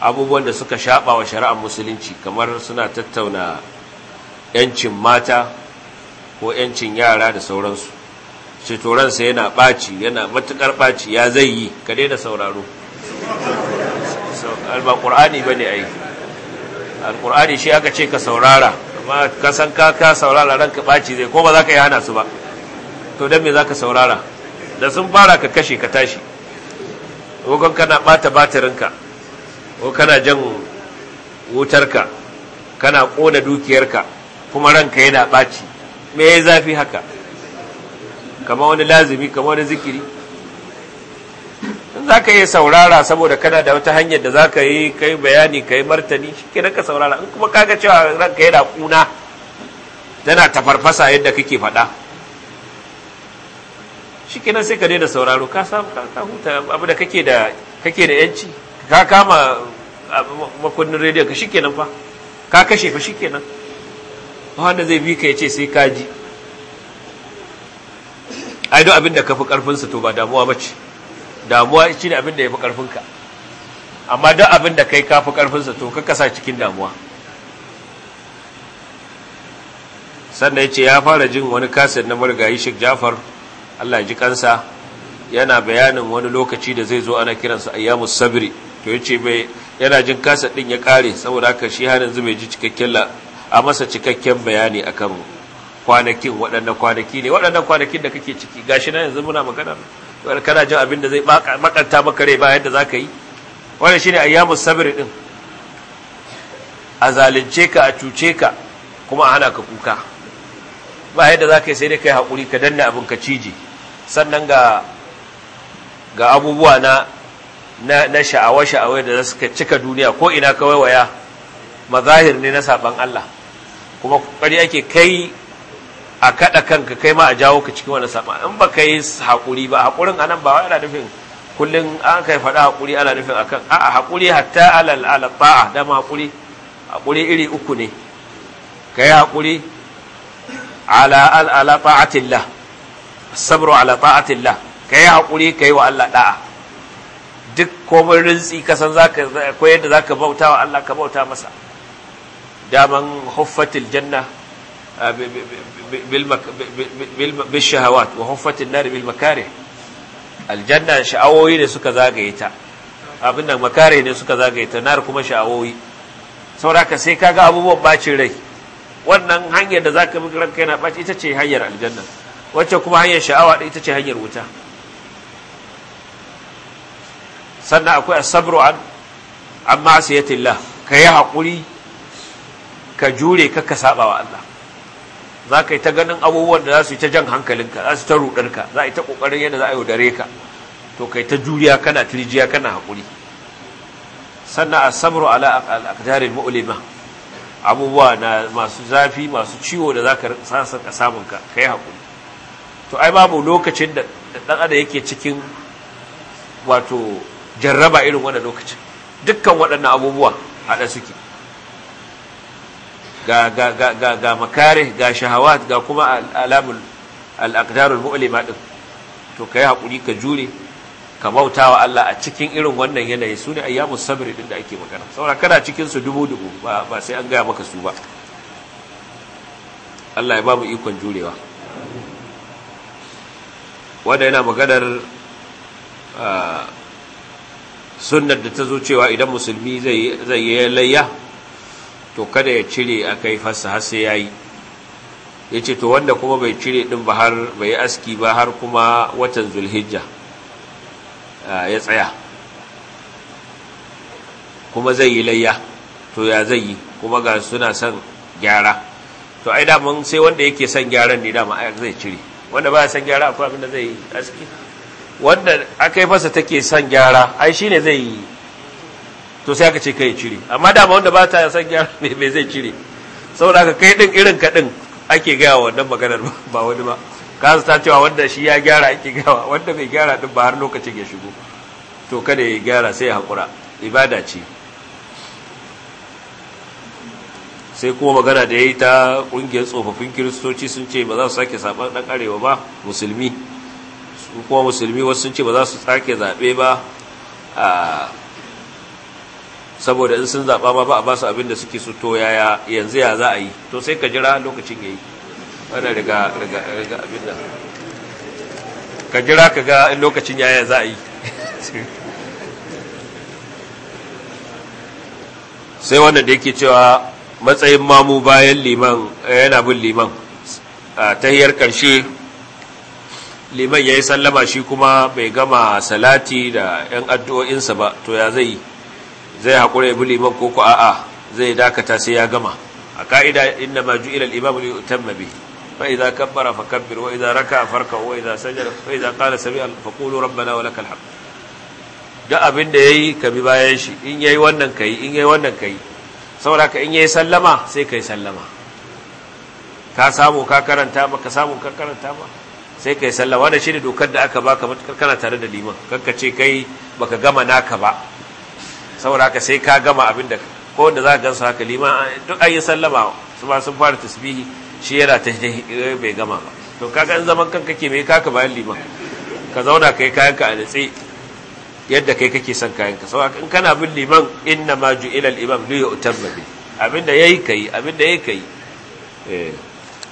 abubuwan da suka shaɓa wa shari'ar musulunci kamar suna tattauna yancin mata ko yancin yara da sauransu cetoransa yana ɓaci yana matuƙar ɓaci ya zai yi ka daina sauraro alba ƙur'ani ba ne aiki alƙur'ani shi aka ce ka saurara amma ka ka ka saurara ranka baci zai ko ba za ka yi hana su ba to don me za ka saurara da sun fara ka kashe ka tashi ko kana ɓata batirinka ko kana jan wutarka kana ƙona dukiyarka kuma ranka yana ɓaci me ya zafi haka kama wani lazimi kama wani zikiri za ka iya saurara saboda kana da wata hanyar da za ka yi kai bayani kai martani shi ke ka saurara in kuma kaga cewa ranka yana kuna tana tafarfasa yadda kake faɗa shi kenan sai ka daina sauraro ka samu ka huta abu da kake da kake da yanci ka kama makonnin rediyo ka shi fa ka kashe fa shi nan wanda zai bi ka ya ce sai ka ji ai don abin da ka fi ƙarfinsa to ba damuwa ba ce damuwa shi ne abin da ya fi ƙarfinka amma duk abin da kai ka fi ƙarfinsa to ka kasa cikin damuwa sannan ya ce ya fara jin wani kaset na marigayi Sheikh Jafar Allah ji kansa yana bayanin wani lokaci da zai zo ana kiransa ayyamus sabri to ya ce bai yana jin kaset ɗin ya kare saboda haka shi hannun yanzu ji cikakken la a masa cikakken bayani akan kwanakin waɗannan kwanaki ne waɗannan kwanakin da kake ciki gashi na yanzu muna magana kana jin abin da zai makanta maka rai ba yadda ka yi wannan shine ayyamus sabr din a zalunce ka a cuce ka kuma a hana ka kuka ba yadda zaka yi sai dai kai hakuri ka danna abin ka cije sannan ga ga abubuwa na na, na sha'awa-sha'awai da suka cika duniya ko ina kawai waya mazahir ne na saban Allah kuma kokari ake kai a kada kanka kai ma a jawo ka cikin wani sama in ba kai hakuri ba hakurin anan ba yana nufin kullun an kai faɗa hakuri ana nufin akan a'a hakuri hatta alal ala ta'a da ma hakuri hakuri iri uku ne kai hakuri ala al ala ta'atillah sabru ala ta'atillah kai hakuri kai wa Allah da'a duk komai rintsi ka san zaka akwai yadda zaka bauta wa Allah ka bauta masa daman huffatil janna bil shahawat wa huffatin nar bil makarih aljanna sha'awoyi ne suka zagaye ta abin nan makare ne suka zagaye ta nar kuma sha'awoyi sauraka sai kaga abubuwan bacin rai wannan hanyar da zaka bi ranka yana baci ita ce hanyar aljanna wacce kuma hanyar sha'awa ita ce hanyar wuta sannan akwai asabru an amma asiyatillah kayi hakuri ka jure ka ka saba wa Allah za ka yi ta ganin abubuwan da za su yi ta jan hankalinka za su ta rudarka za a yi ta ƙoƙarin yadda za a yi yaudare ka to kai ta juriya kana tirjiya kana haƙuri sannan a samuru ala akadarin ma'ulima abubuwa na masu zafi masu ciwo da za ka sasa ka samun ka ka yi haƙuri to ai babu lokacin da ɗan adam yake cikin wato jarraba irin wannan lokacin dukkan waɗannan abubuwa haɗa suke ga makare ga shahawat ga kuma alamul al-aqdarul mu'lima din to kai hakuri ka jure ka bautawa Allah a cikin irin wannan yanayi sune ayyamu sabri din da ake magana saboda kada cikin su dubu dubu ba sai an gaya maka su ba Allah ya ba mu ikon jurewa wanda yana maganar ah, sunnar da ta zo cewa idan musulmi zai yi layya to kada ya cire a kai fasa har sai yi ya ce to wanda kuma bai cire din ba har bai aski ba har kuma watan zulhijja ya tsaya kuma zai yi layya to ya zai yi kuma ga suna son gyara to ai daman sai wanda yake son gyaran ne dama ai zai cire wanda ba ya son gyara akwai abin da zai aski wanda aka yi fasa take son gyara ai shine zai yi to sai aka ce kai cire amma dama wanda ba ta san gyara me me zai cire saboda ka kai din irin ka din ake gaya wa wannan maganar ba wani ba kasu ta cewa wanda shi ya gyara ake gawa wanda bai gyara din ba har lokacin ya shigo to kada ya gyara sai ya haƙura ibada ce sai kuma magana da ya yi ta ƙungiyar tsofaffin kiristoci sun ce ba za su sake saɓar ɗan arewa ba musulmi su kuma musulmi wasu sun ce ba za su sake zaɓe ba a saboda in sun zaɓa ma ba a basu abin da suke su to yaya yanzu ya za a yi to sai ka jira lokacin ya yi wannan riga riga abin da ka jira ka ga in lokacin yaya za a yi sai wannan da yake cewa matsayin mamu bayan liman eh, yana bin liman a tahiyar ƙarshe liman ya yi sallama shi kuma bai gama salati da 'yan addu'o'insa ba to ya zai yi zai haƙura ibi liman koko a'a zai dakata sai ya gama a ka'ida inna ma ju'ila al-imamu li yutamma bi fa idza kabbara fakabbir wa idza raka'a farka wa idza sajada fa idza qala sami'a fa qulu rabbana wa lakal hamd da abin da yayi ka bi bayan shi in yayi wannan kai in yayi wannan kai saboda ka in yayi sallama sai kai sallama ka samu ka karanta ba ka samu ka karanta ba sai kai sallama wannan shine dokar da aka baka matakar kana tare da liman kanka ce kai baka gama naka ba saboda haka sai ka gama abin da ko wanda za ka gansu haka liman duk an yi sallama su ma sun fara tasbihi shi yana ta eh, bai gama ba to kaga in zaman kanka ke mai kaka bayan liman ka zauna kai kayanka a natsi yadda kai kake son kayanka sau in kana bin liman inna ma ju ilal imam li yu'tamma bi abinda yayi kai abinda yi kai yi eh,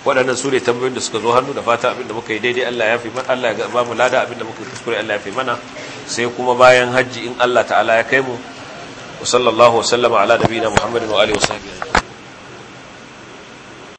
waɗannan su ne tambayoyin da suka zo hannu da fata abinda muka yi daidai Allah ya fi mana Allah ya ba mu lada abinda muka kuskure Allah ya fi mana sai kuma bayan hajji in Allah ta'ala ya kai mu wa sallallahu wa sallama ala nabiyina muhammadin wa wa sahbihi